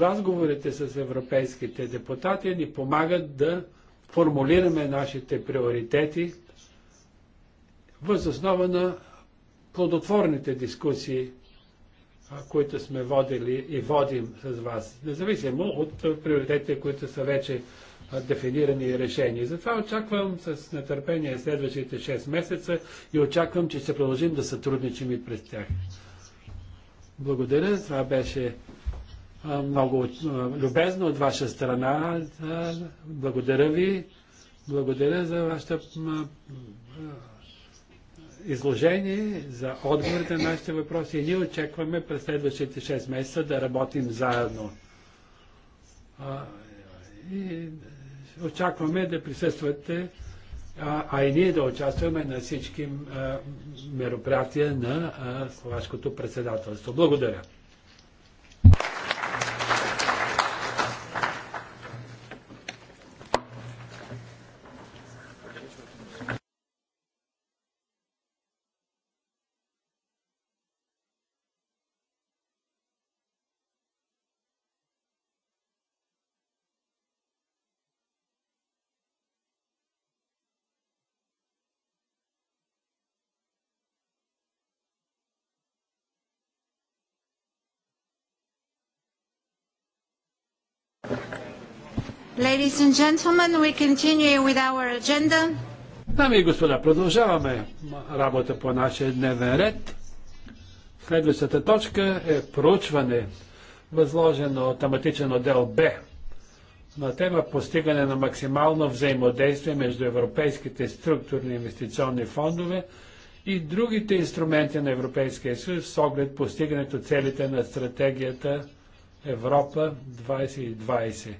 Разговорите с европейските депутати ни помагат да формулираме нашите приоритети въз основа на плодотворните дискусии, които сме водили и водим с вас, независимо от приоритетите, които са вече дефинирани и решени. Затова очаквам с нетърпение следващите 6 месеца и очаквам, че ще продължим да сътрудничим и през тях. Благодаря. Това беше много любезно от ваша страна. Благодаря ви. Благодаря за вашето изложение, за отговорите на нашите въпроси и ние очакваме през следващите 6 месеца да работим заедно. И очакваме да присъствате, а и ние да участваме на всички мероприятия на Словашкото председателство. Благодаря. Ladies and gentlemen, we continue with our agenda. Дами и господа, продължаваме работа по нашия дневен ред. Следващата точка е проучване, възложено от тематичен отдел Б на тема постигане на максимално взаимодействие между европейските структурни инвестиционни фондове и другите инструменти на Европейския съюз с оглед постигането целите на стратегията Европа 2020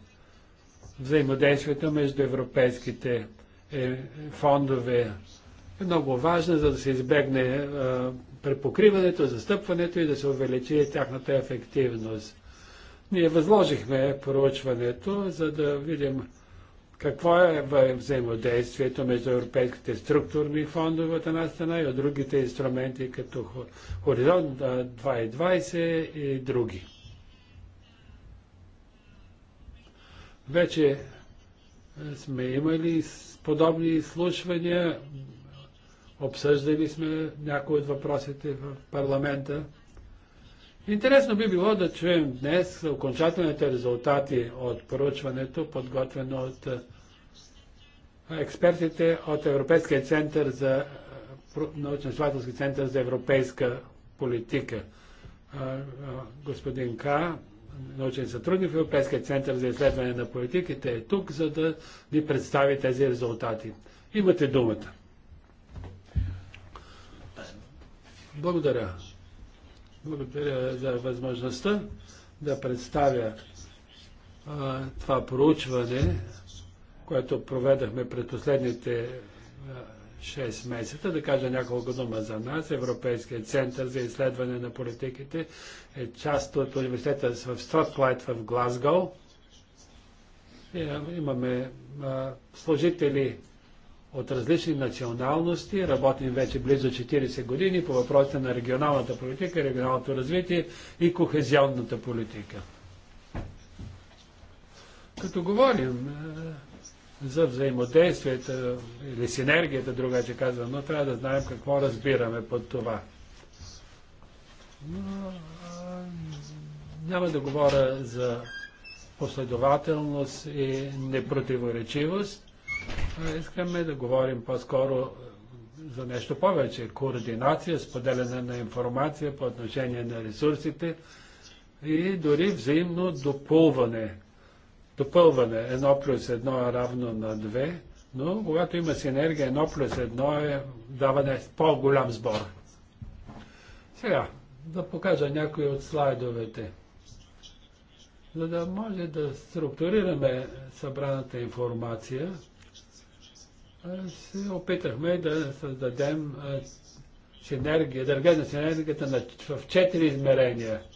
взаимодействието между европейските е, фондове е много важно, за да се избегне е, препокриването, застъпването и да се увеличи тяхната ефективност. Ние възложихме проучването, за да видим какво е взаимодействието между европейските структурни фондове от една страна и от другите инструменти, като Хоризонт 2020 и други. Вече е, сме имали подобни изслушвания, обсъждали сме някои от въпросите в парламента. Интересно би било да чуем днес окончателните резултати от проучването, подготвено от е, експертите от Европейския център за е, научно-изследователски център за европейска политика. Господин К научен сътрудник в Европейския център за изследване на политиките е тук, за да ни представи тези резултати. Имате думата. Благодаря. Благодаря за възможността да представя а, това проучване, което проведахме пред последните а, 6 месеца. Да кажа няколко дума за нас. Европейският център за изследване на политиките е част от университета в Стратлайт в Глазго. Е, имаме служители от различни националности. Работим вече близо 40 години по въпросите на регионалната политика, регионалното развитие и кохезионната политика. Като говорим за взаимодействията или синергията, друга е, че казвам, но трябва да знаем какво разбираме под това. Но, а, няма да говоря за последователност и непротиворечивост. А, искаме да говорим по-скоро за нещо повече. Координация, споделяне на информация по отношение на ресурсите и дори взаимно допълване допълване. Едно плюс едно е равно на две, но когато има синергия, едно плюс едно е даване по-голям сбор. Сега, да покажа някои от слайдовете. За да може да структурираме събраната информация, се опитахме да създадем синергия, да разгледаме синергията в четири измерения –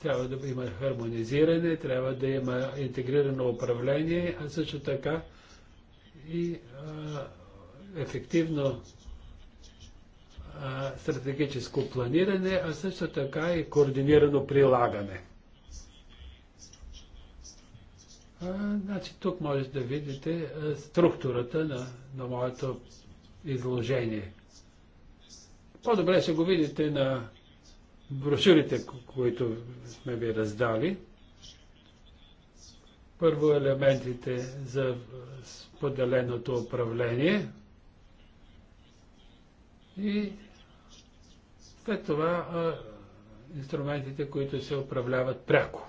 трябва да има хармонизиране, трябва да има интегрирано управление, а също така и а, ефективно а, стратегическо планиране, а също така и координирано прилагане. А, значи, тук може да видите а, структурата на, на моето изложение. По-добре ще го видите на брошурите, които сме ви раздали. Първо елементите за споделеното управление и след това а, инструментите, които се управляват пряко.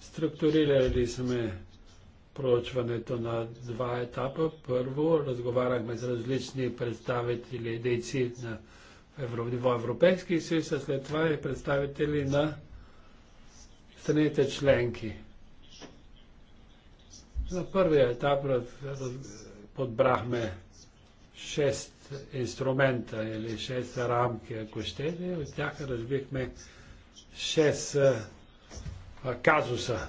Структурирали сме проучването на два етапа. Първо разговарахме с различни представители, дейци на евро, ниво Европейски съюз, а след това и представители на страните членки. На първия етап подбрахме 6 инструмента или 6 рамки, ако и е. От тях разбихме 6 а, казуса,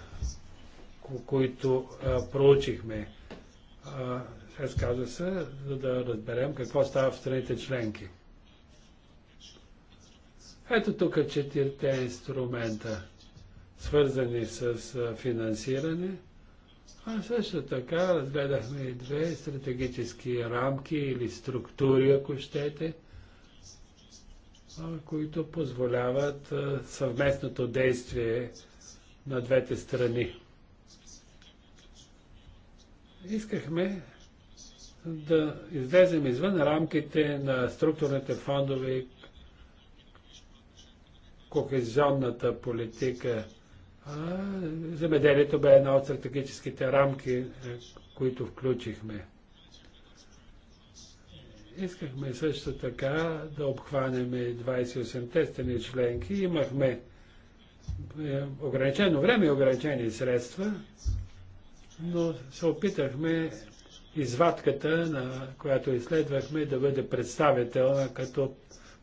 ко които а, проучихме. А, казуса, за да разберем какво става в страните членки. Ето тук четирите инструмента, свързани с финансиране, а също така разгледахме и две стратегически рамки или структури, ако щете, които позволяват съвместното действие на двете страни. Искахме да излезем извън рамките на структурните фондове и кохезионната политика. А, земеделието бе една от стратегическите рамки, е, които включихме. Искахме също така да обхванеме 28-те членки. Имахме е, ограничено време и ограничени средства, но се опитахме извадката, на която изследвахме, да бъде представителна като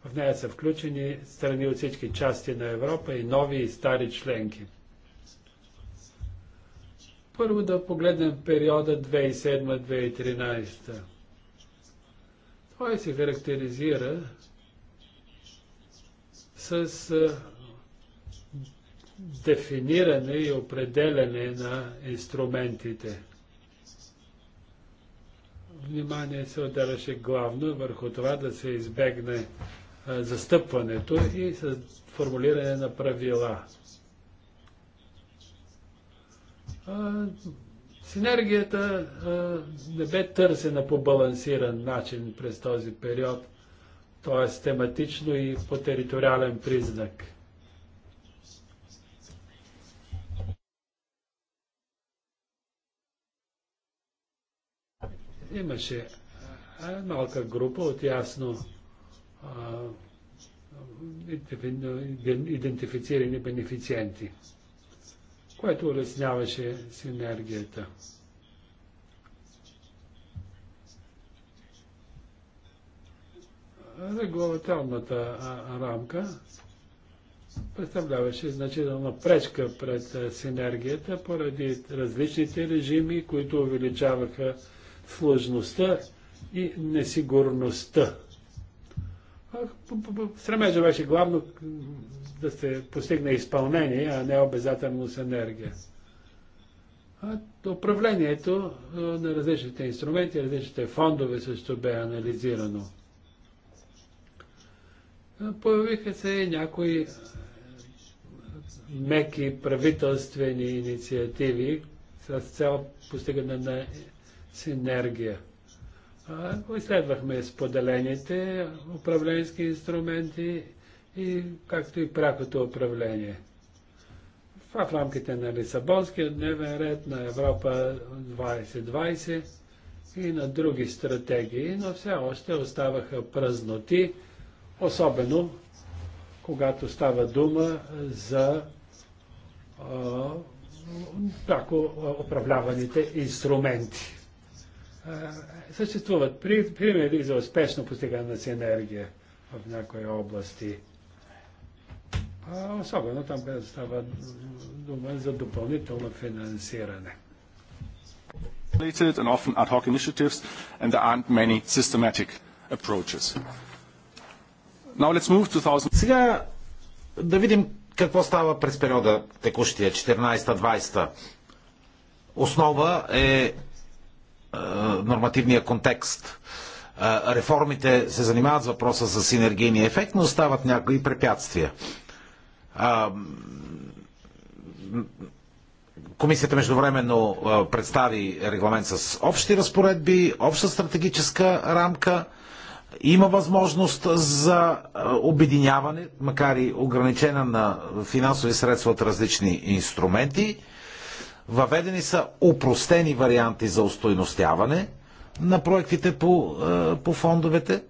в нея са включени страни от всички части на Европа и нови и стари членки. Първо да погледнем периода 2007-2013. Той се характеризира с дефиниране и определяне на инструментите. Внимание се отделяше главно върху това да се избегне застъпването и с формулиране на правила. Синергията не бе търсена по балансиран начин през този период, т.е. тематично и по териториален признак. Имаше малка група от ясно идентифицирани бенефициенти, което улесняваше синергията. Регулаторната рамка представляваше значителна пречка пред синергията поради различните режими, които увеличаваха сложността и несигурността Стремежа беше главно да се постигне изпълнение, а не обязателност енергия. А управлението на различните инструменти, различните фондове също бе анализирано. Появиха се и някои меки правителствени инициативи с цел постигане на синергия. Изследвахме споделените управленски инструменти и както и прякото управление. Това в рамките на Лисабонския дневен ред, на Европа 2020 и на други стратегии, но все още оставаха празноти, особено когато става дума за пряко управляваните инструменти. Съществуват примери за успешно постигане на синергия в някои области. А, Особено там, където става дума за допълнително финансиране. And often ad hoc initiatives, and there aren't many systematic approaches. Now let's move to 2000... Сега да видим какво става през периода текущия 14-20. Основа е нормативния контекст. Реформите се занимават с въпроса за синергийния ефект, но остават някои препятствия. Комисията междувременно представи регламент с общи разпоредби, обща стратегическа рамка. Има възможност за обединяване, макар и ограничена на финансови средства от различни инструменти. Въведени са упростени варианти за устойностяване на проектите по, е, по фондовете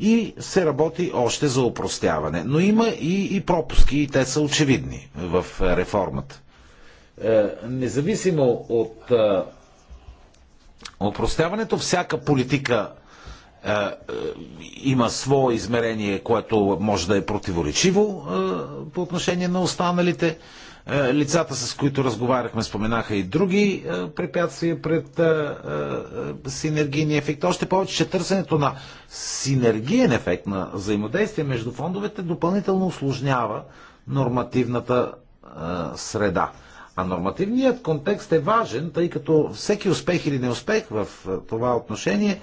и се работи още за упростяване. Но има и, и пропуски, и те са очевидни в реформата. Е, независимо от е, упростяването, всяка политика има свое измерение, което може да е противоречиво по отношение на останалите. Е, лицата, с които разговаряхме, споменаха и други е, препятствия пред е, синергийния ефект. Още повече, че търсенето на синергиен ефект на взаимодействие между фондовете допълнително осложнява нормативната среда. А нормативният контекст е важен, тъй като всеки успех или неуспех в това отношение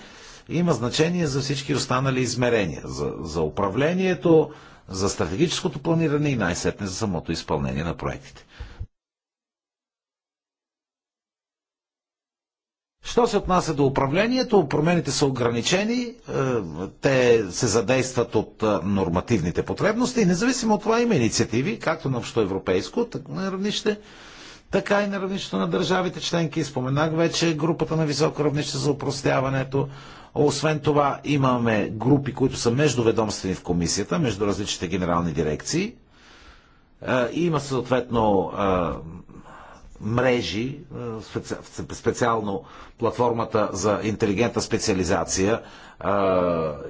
има значение за всички останали измерения. За, за управлението, за стратегическото планиране и най-сетне за самото изпълнение на проектите. Що се отнася до управлението, промените са ограничени, е, те се задействат от е, нормативните потребности и независимо от това има инициативи, както на общоевропейско, така на равнище, така и на равнището на държавите членки. Споменах вече групата на високо равнище за упростяването. Освен това имаме групи, които са междуведомствени в комисията, между различните генерални дирекции. Е, има съответно е, мрежи, е, специално платформата за интелигентна специализация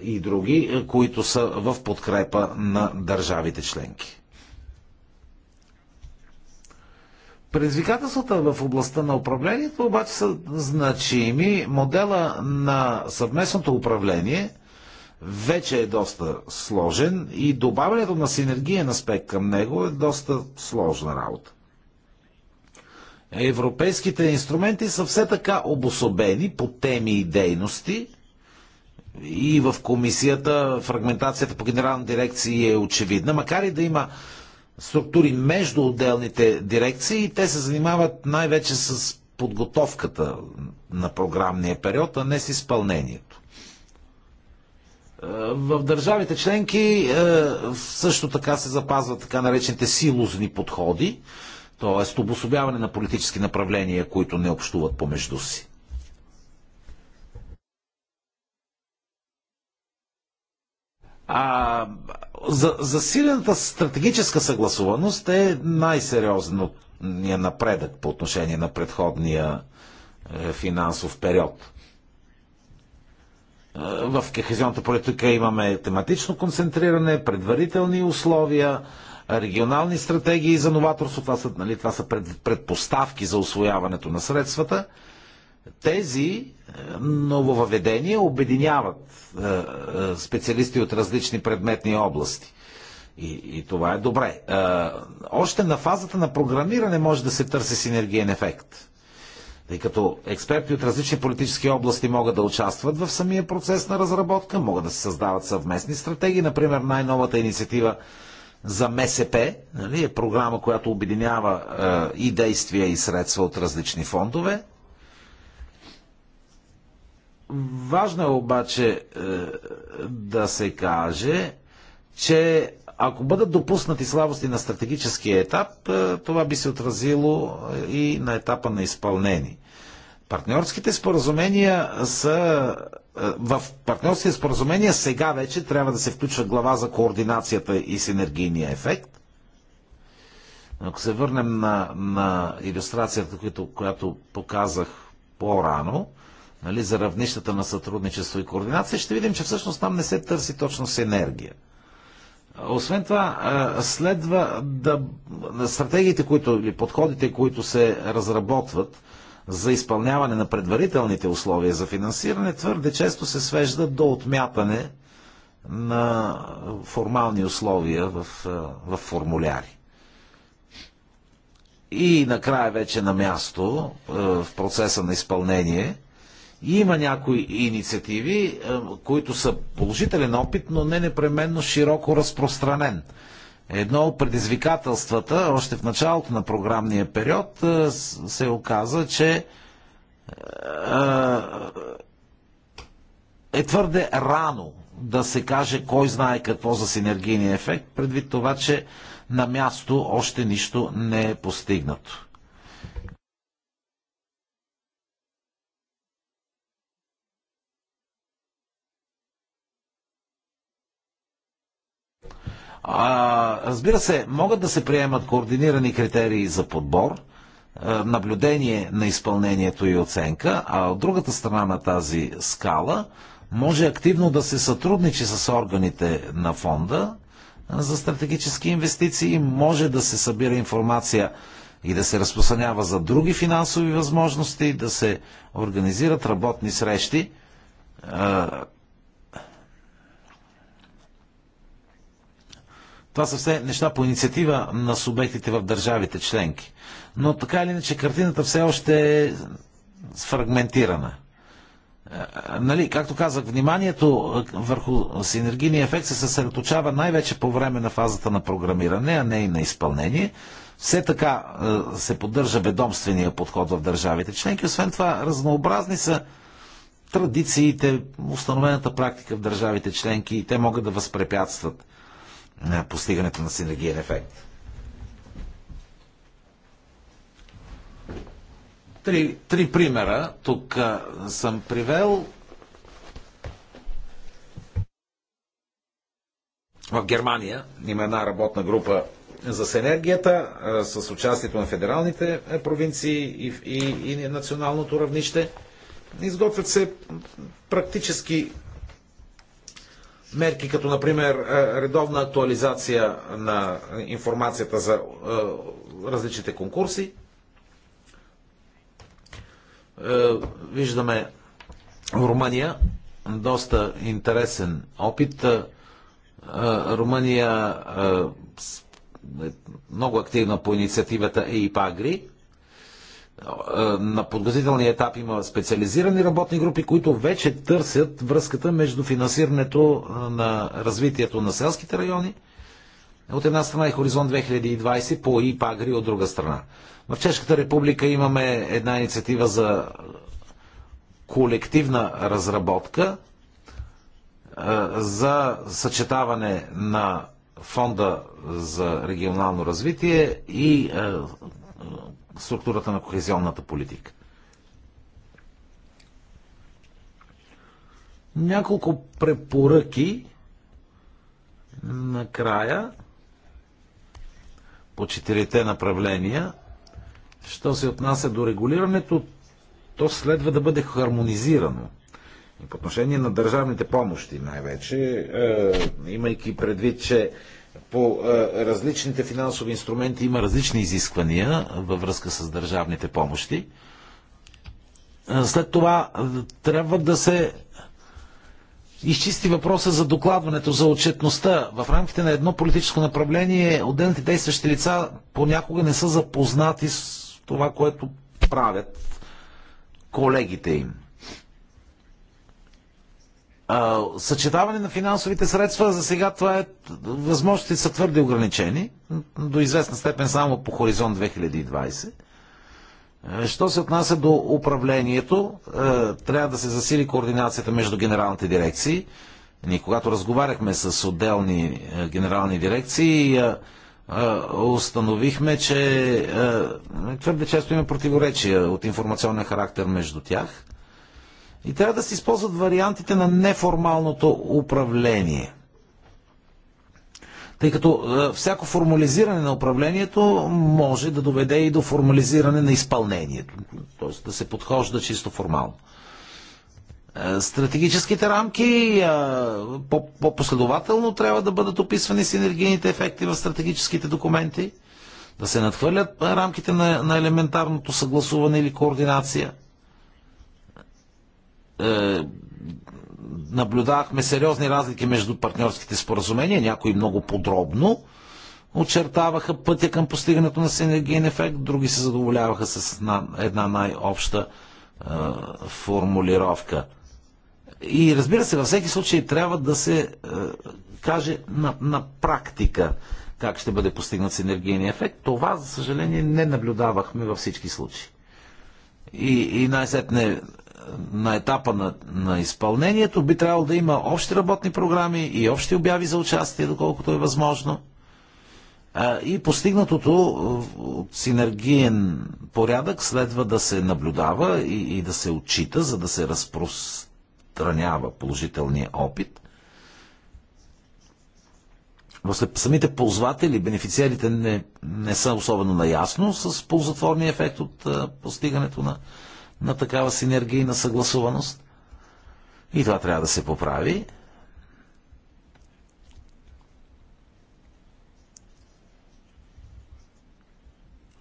и други, които са в подкрепа на държавите членки. Предизвикателствата в областта на управлението обаче са значими. Модела на съвместното управление вече е доста сложен и добавянето на синергиен аспект към него е доста сложна работа. Европейските инструменти са все така обособени по теми и дейности и в комисията фрагментацията по генерална дирекция е очевидна, макар и да има структури между отделните дирекции и те се занимават най-вече с подготовката на програмния период, а не с изпълнението. Е, в държавите членки е, също така се запазват така наречените силозни подходи, т.е. обособяване на политически направления, които не общуват помежду си. А, за, засилената стратегическа съгласуваност е най-сериозният напредък по отношение на предходния е, финансов период. Е, в кехезионната политика имаме тематично концентриране, предварителни условия, регионални стратегии за новаторство. Това са, нали, това са пред, предпоставки за освояването на средствата – тези е, нововъведения обединяват е, е, специалисти от различни предметни области. И, и това е добре. Още на фазата на програмиране може да се търси синергиен ефект. Тъй като експерти от различни политически области могат да участват в самия процес на разработка, могат да се създават съвместни стратегии. Например, най-новата инициатива за МСП нали, е програма, която обединява и действия и средства от различни фондове. Важно е обаче е, да се каже, че ако бъдат допуснати слабости на стратегическия етап, е, това би се отразило е, и на етапа на изпълнение. Партньорските споразумения са. В партньорските споразумения сега вече трябва да се включва глава за координацията и синергийния ефект. Ако се върнем на, на иллюстрацията, която, която показах по-рано, нали, за равнищата на сътрудничество и координация, ще видим, че всъщност там не се търси точно синергия. Освен това, следва да стратегиите, които или подходите, които се разработват за изпълняване на предварителните условия за финансиране, твърде често се свеждат до отмятане на формални условия в, в формуляри. И накрая вече на място в процеса на изпълнение – има някои инициативи, е, които са положителен опит, но не непременно широко разпространен. Едно от предизвикателствата, още в началото на програмния период, е, се оказа, че е, е твърде рано да се каже кой знае какво за синергийния ефект, предвид това, че на място още нищо не е постигнато. А, разбира се, могат да се приемат координирани критерии за подбор, е, наблюдение на изпълнението и оценка, а от другата страна на тази скала може активно да се сътрудничи с органите на фонда е, за стратегически инвестиции, може да се събира информация и да се разпространява за други финансови възможности, да се организират работни срещи е, Това са все неща по инициатива на субектите в държавите членки. Но така или иначе картината все още е сфрагментирана. Е, нали, както казах, вниманието върху синергийния ефект се съсредоточава най-вече по време на фазата на програмиране, а не и на изпълнение. Все така е, се поддържа ведомствения подход в държавите членки. Освен това, разнообразни са традициите, установената практика в държавите членки и те могат да възпрепятстват на постигането на синергиен ефект. Три, три примера тук съм привел. В Германия има една работна група за синергията с участието на федералните е, провинции и, и, и националното равнище. Изготвят се практически мерки, като например е, редовна актуализация на информацията за е, различните конкурси. Е, виждаме в Румъния доста интересен опит. Румъния е много активна по инициативата ЕИПАГРИ е, на подготвителния етап има специализирани работни групи, които вече търсят връзката между финансирането е, на развитието на селските райони от една страна и Хоризонт 2020 по ИПАГРИ от друга страна. В Чешката република имаме една инициатива за колективна разработка е, за съчетаване на фонда за регионално развитие и структурата на кохезионната политика. Няколко препоръки накрая по четирите направления. Що се отнася до регулирането, то следва да бъде хармонизирано. И по отношение на държавните помощи най-вече, е, имайки предвид, че по е, различните финансови инструменти има различни изисквания във връзка с държавните помощи. Е, след това е, трябва да се изчисти въпроса за докладването, за отчетността. В рамките на едно политическо направление отделните действащи лица понякога не са запознати с това, което правят колегите им съчетаване на финансовите средства за сега това е възможности са твърде ограничени, до известна степен само по хоризонт 2020. Е, що се отнася до управлението, е, трябва да се засили координацията между генералните дирекции. Ние, когато разговаряхме с отделни е, генерални дирекции, установихме, че твърде често има противоречия от информационен характер между тях – и трябва да се използват вариантите на неформалното управление. Тъй като е, всяко формализиране на управлението може да доведе и до формализиране на изпълнението. Тоест да се подхожда чисто формално е, стратегическите рамки е, по-последователно -по трябва да бъдат описвани синергийните ефекти в стратегическите документи, да се надхвърлят рамките на, на елементарното съгласуване или координация. Е, наблюдавахме сериозни разлики между партньорските споразумения, някои много подробно очертаваха пътя към постигането на синергиен ефект, други се задоволяваха с една най-обща е, формулировка. И разбира се, във всеки случай трябва да се е, каже на, на практика как ще бъде постигнат синергийния ефект. Това, за съжаление, не наблюдавахме във всички случаи. И, и най-сетне на етапа на, на изпълнението би трябвало да има общи работни програми и общи обяви за участие, доколкото е възможно. И постигнатото от синергиен порядък следва да се наблюдава и, и да се отчита, за да се разпространява положителния опит. Но самите ползватели, бенефициарите не, не са особено наясно с ползотворния ефект от постигането на на такава синергийна съгласуваност. И това трябва да се поправи.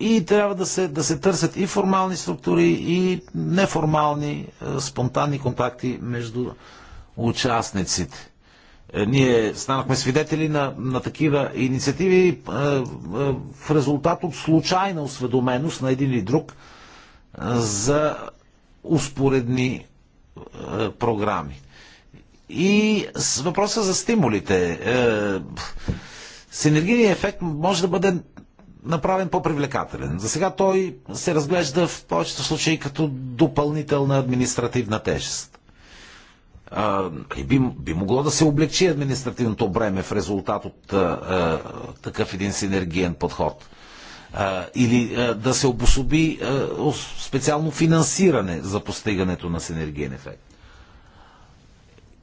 И трябва да се, да се търсят и формални структури, и неформални, е, спонтанни контакти между участниците. Е, ние станахме свидетели на, на такива инициативи е, е в резултат от случайна осведоменост на един или друг за успоредни е, програми. И с въпроса за стимулите. Е, синергийният ефект може да бъде направен по-привлекателен. За сега той се разглежда в повечето случаи като допълнителна административна тежест. и би, би могло да се облегчи административното бреме в резултат от а, е, а, такъв един синергиен подход или да се обособи специално финансиране за постигането на синергиен ефект.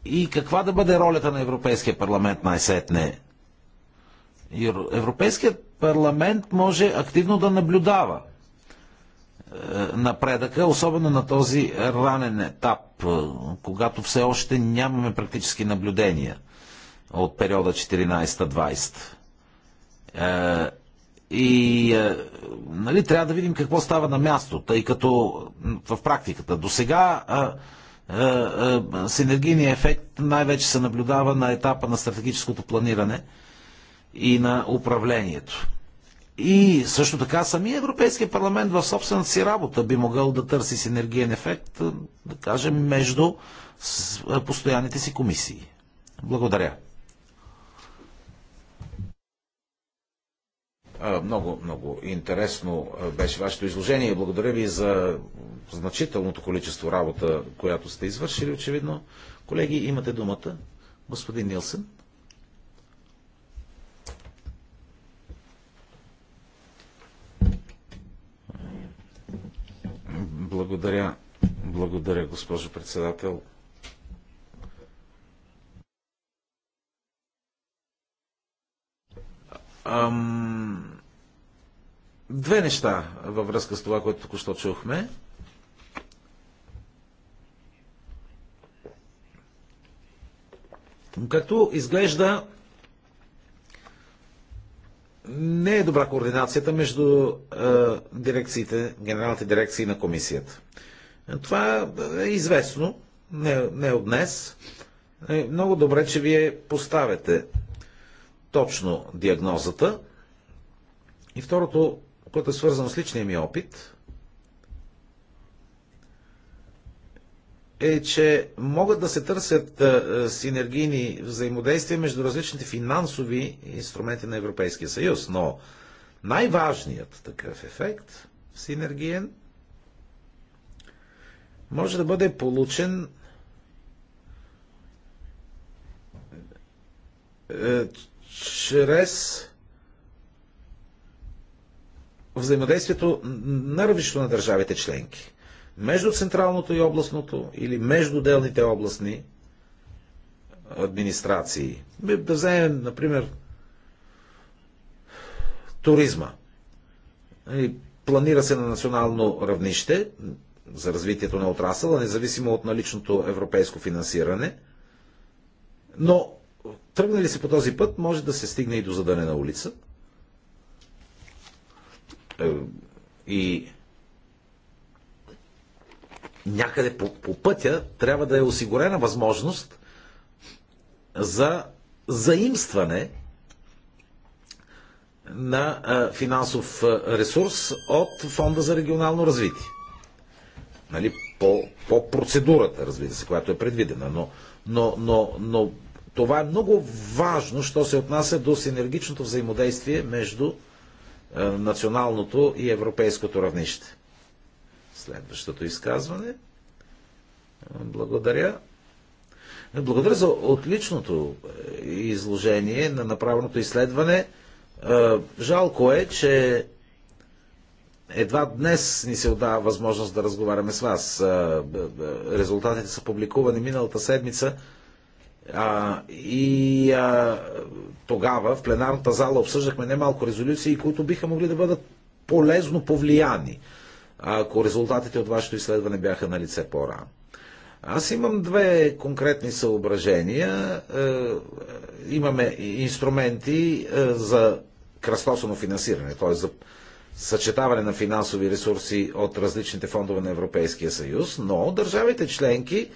И каква да бъде ролята на Европейския парламент най-сетне? Европейският парламент може активно да наблюдава е, напредъка, особено на този ранен етап, е, когато все още нямаме практически наблюдения от периода 14-20 и а, е, нали, трябва да видим какво става на място, тъй като в практиката до сега е, е, е, синергийният ефект най-вече се наблюдава на етапа на стратегическото планиране и на управлението. И също така самия Европейския парламент в собствената си работа би могъл да търси синергиен ефект, да кажем, между постоянните си комисии. Благодаря. Много, много интересно беше вашето изложение. Благодаря ви за значителното количество работа, която сте извършили, очевидно. Колеги, имате думата. Господин Нилсен. Благодаря. Благодаря, госпожо председател. Ам... Две неща във връзка с това, което току-що чухме. Както изглежда, не е добра координацията между е, дирекциите, генералните дирекции на комисията. Това е известно, не, не от днес. Е, много добре, че вие поставяте точно диагнозата. И второто, което е свързано с личния ми опит, е, че могат да се търсят е, синергийни взаимодействия между различните финансови инструменти на Европейския съюз, но най-важният такъв ефект синергиен може да бъде получен е, чрез взаимодействието на равнището на държавите членки. Между централното и областното или между делните областни администрации. Да вземем, например, туризма. Планира се на национално равнище за развитието на отрасъла, независимо от наличното европейско финансиране, но Тръгне ли се по този път, може да се стигне и до задънена улица. Е, и някъде по, по пътя трябва да е осигурена възможност за заимстване на финансов ресурс от Фонда за регионално развитие. Нали, по, по процедурата, разбира се, която е предвидена. Но, но, но, но това е много важно, що се отнася до синергичното взаимодействие между е, националното и европейското равнище. Следващото изказване. Благодаря. Благодаря за отличното е, изложение на направеното изследване. Е, жалко е, че едва днес ни се отдава възможност да разговаряме с вас. Резултатите са публикувани миналата седмица. А, и а, тогава в пленарната зала обсъждахме немалко резолюции, които биха могли да бъдат полезно повлияни, ако резултатите от вашето изследване бяха на лице по-рано. Аз имам две конкретни съображения. Е, имаме инструменти е, за кръстосано финансиране, т.е. за съчетаване на финансови ресурси от различните фондове на Европейския съюз, но държавите членки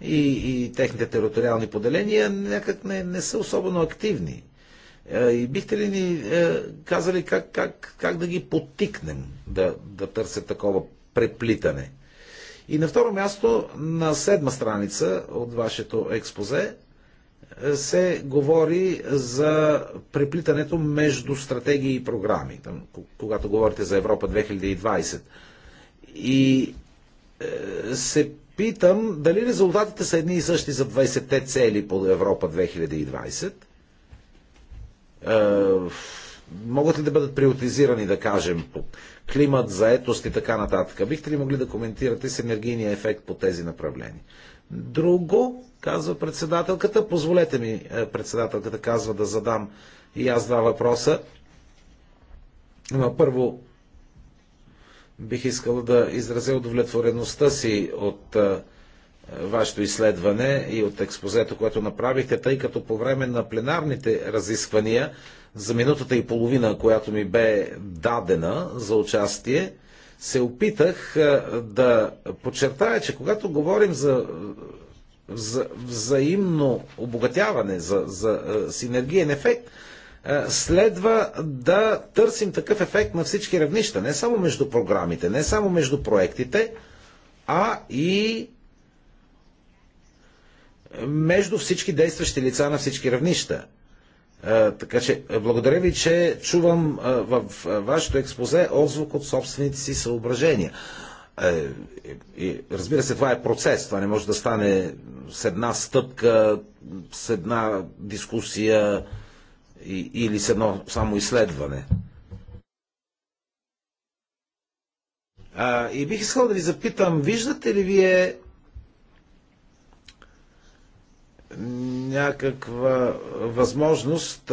и, и техните териториални поделения някак не, не са особено активни. Е, и бихте ли ни е, казали как, как, как да ги потикнем да, да търсят такова преплитане? И на второ място, на седма страница от вашето експозе е, се говори за преплитането между стратегии и програми, там, когато говорите за Европа 2020. И се питам дали резултатите са едни и същи за 20-те цели по Европа 2020. Е, могат ли да бъдат приоритизирани, да кажем, по климат, заетост и така нататък? Бихте ли могли да коментирате с енергийния ефект по тези направления? Друго, казва председателката, позволете ми, е, председателката казва да задам и аз два въпроса. Първо, бих искал да изразя удовлетвореността си от вашето изследване и от експозето, което направихте, тъй като по време на пленарните разисквания за минутата и половина, която ми бе дадена за участие, се опитах да подчертая, че когато говорим за, взаимно обогатяване, за, за синергиен ефект, е, следва да търсим такъв ефект на всички равнища, не само между програмите, не само между проектите, а и между всички действащи лица на всички равнища. Е, така че, е, благодаря ви, че чувам в вашето експозе отзвук от собствените си съображения. И, разбира се, това е процес. Това не може да стане с една стъпка, с една дискусия, или с едно само изследване. А, и бих искал да ви запитам, виждате ли вие някаква възможност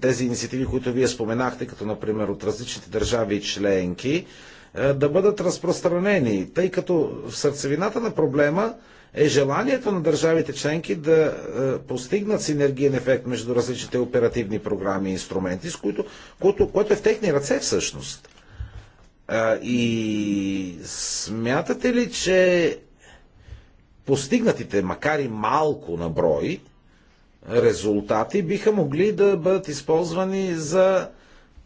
тези инициативи, които вие споменахте, като например от различните държави и членки, да бъдат разпространени, тъй като в сърцевината на проблема е желанието на държавите членки да е, постигнат синергиен ефект между различните оперативни програми и инструменти, с които, което, което е в техни ръце всъщност. И смятате ли, че постигнатите, макар и малко на брой, резултати биха могли да бъдат използвани за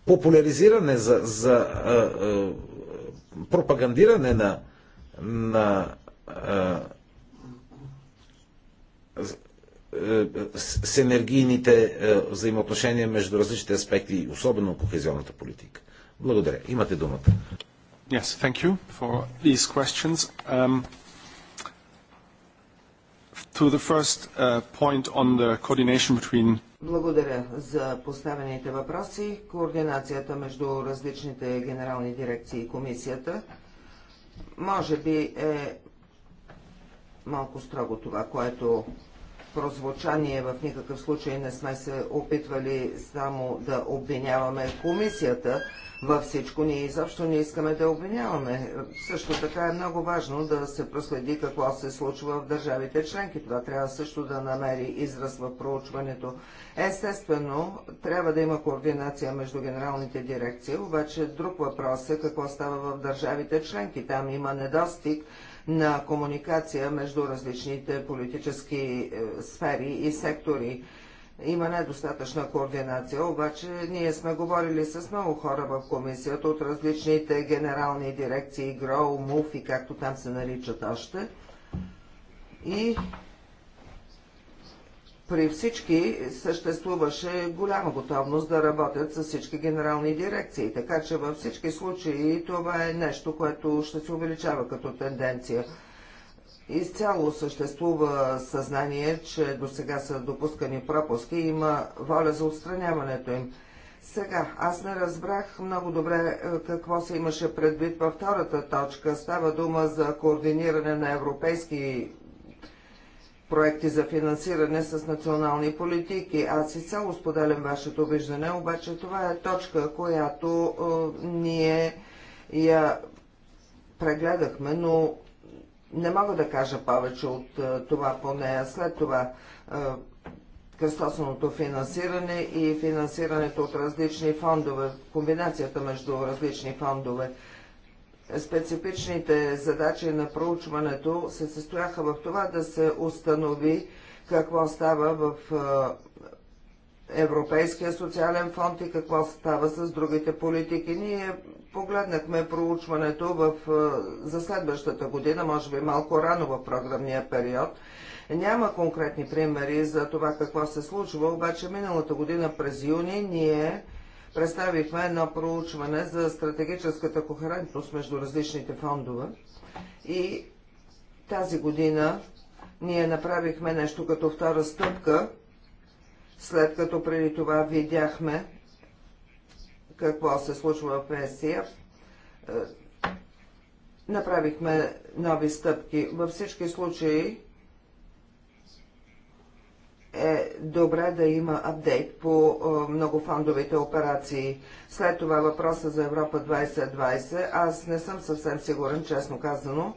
популяризиране, за, за а, а, пропагандиране на, на а, с енергийните е, взаимоотношения между различните аспекти, особено кохезионната политика. Благодаря. Имате думата. Yes, thank you for these questions. Um, to the first uh, point on the coordination between благодаря за поставените въпроси. Координацията между различните генерални дирекции и комисията може би е малко строго това, което прозвуча. Ние в никакъв случай не сме се опитвали само да обвиняваме комисията във всичко. Ние изобщо не искаме да обвиняваме. Също така е много важно да се проследи какво се случва в държавите членки. Това трябва също да намери израз в проучването. Естествено, трябва да има координация между генералните дирекции, обаче друг въпрос е какво става в държавите членки. Там има недостиг на комуникация между различните политически е, сфери и сектори. Има недостатъчна координация, обаче ние сме говорили с много хора в комисията от различните генерални дирекции, ГРО, МУФ и както там се наричат още. И при всички съществуваше голяма готовност да работят с всички генерални дирекции, така че във всички случаи това е нещо, което ще се увеличава като тенденция. Изцяло съществува съзнание, че до сега са допускани пропуски и има воля за отстраняването им. Сега, аз не разбрах много добре е, какво се имаше предвид във втората точка. Става дума за координиране на европейски проекти за финансиране с национални политики. Аз изцяло споделям вашето виждане, обаче това е точка, която а, е, ние я прегледахме, но не мога да кажа повече от а, е, това по нея. След това е, кръстосаното финансиране и финансирането от различни фондове, комбинацията между различни фондове – Специфичните задачи на проучването се състояха в това да се установи какво става в е, Европейския социален фонд и какво става с другите политики. Ние погледнахме проучването в, е, за следващата година, може би малко рано в програмния период. Няма конкретни примери за това какво се случва, обаче миналата година през юни ние представихме едно проучване за стратегическата кохерентност между различните фондове и тази година ние направихме нещо като втора стъпка, след като преди това видяхме какво се случва в Есия. Е, направихме нови стъпки. Във всички случаи е добре да има апдейт по е, многофондовите операции. След това въпроса за Европа 2020. Аз не съм съвсем сигурен, честно казано,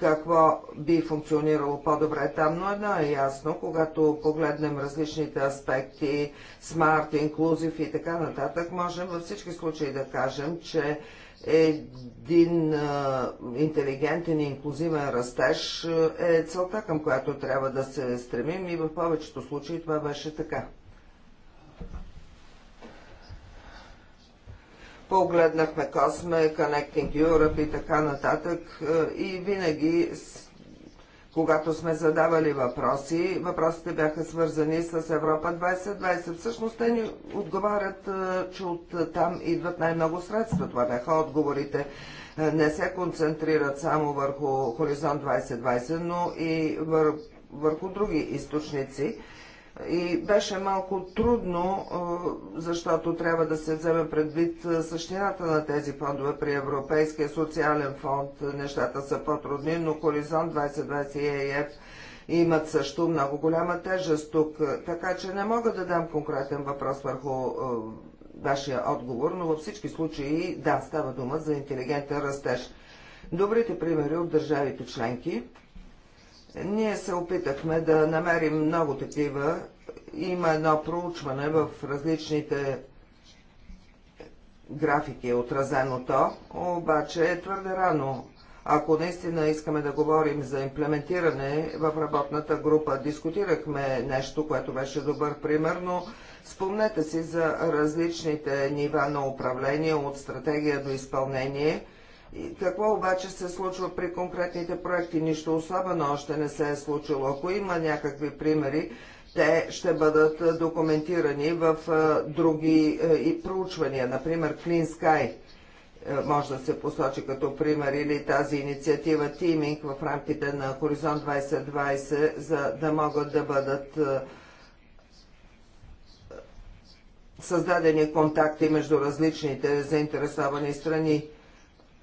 какво би функционирало по-добре там, но едно е ясно, когато погледнем различните аспекти, смарт, инклюзив и така нататък, можем във всички случаи да кажем, че един а, интелигентен и инклюзивен растеж е целта, към която трябва да се стремим и в повечето случаи това беше така. Погледнахме Косме, Connecting Europe и така нататък е, и винаги когато сме задавали въпроси. Въпросите бяха свързани с Европа 2020. Всъщност те ни отговарят, е, че от там идват най-много средства. Това бяха отговорите. Е, не се концентрират само върху Хоризонт 2020, но и върху други източници и беше малко трудно, защото трябва да се вземе предвид същината на тези фондове при Европейския социален фонд. Нещата са по-трудни, но Хоризонт 2020 и ЕЕФ имат също много голяма тежест тук, така че не мога да дам конкретен въпрос върху вашия отговор, но във всички случаи да, става дума за интелигентен растеж. Добрите примери от държавите членки. Ние се опитахме да намерим много такива има едно проучване в различните графики е отразено то, обаче е твърде рано. Ако наистина искаме да говорим за имплементиране, в работната група дискутирахме нещо, което беше добър пример, но спомнете си за различните нива на управление, от стратегия до изпълнение. И какво обаче се случва при конкретните проекти? Нищо особено още не се е случило. Ако има някакви примери, те ще бъдат документирани в други проучвания, например Clean Sky може да се посочи като пример или тази инициатива Teaming в рамките на Хоризонт 2020, за да могат да бъдат създадени контакти между различните заинтересовани страни.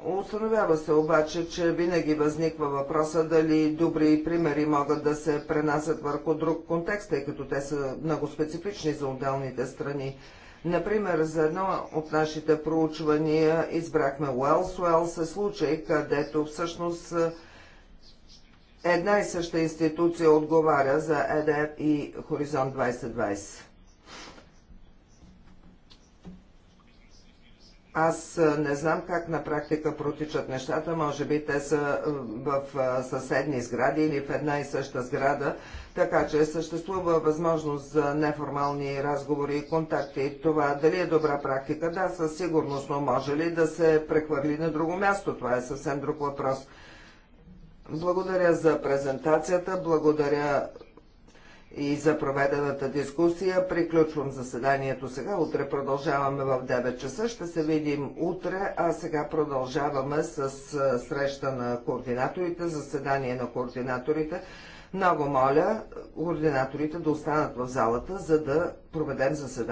Установява се обаче, че винаги възниква въпроса дали добри примери могат да се пренасят върху друг контекст, тъй като те са много специфични за отделните страни. Например, за едно от нашите проучвания избрахме Уелс. Уелс е случай, където всъщност една и съща институция отговаря за ЕДФ и Хоризонт 2020. Аз не знам как на практика протичат нещата, може би те са в съседни сгради или в една и съща сграда, така че съществува възможност за неформални разговори и контакти. Това дали е добра практика? Да, със сигурност, но може ли да се прехвърли на друго място? Това е съвсем друг въпрос. Благодаря за презентацията, благодаря и за проведената дискусия. Приключвам заседанието сега. Утре продължаваме в 9 часа. Ще се видим утре, а сега продължаваме с среща на координаторите, заседание на координаторите. Много моля координаторите да останат в залата, за да проведем заседанието.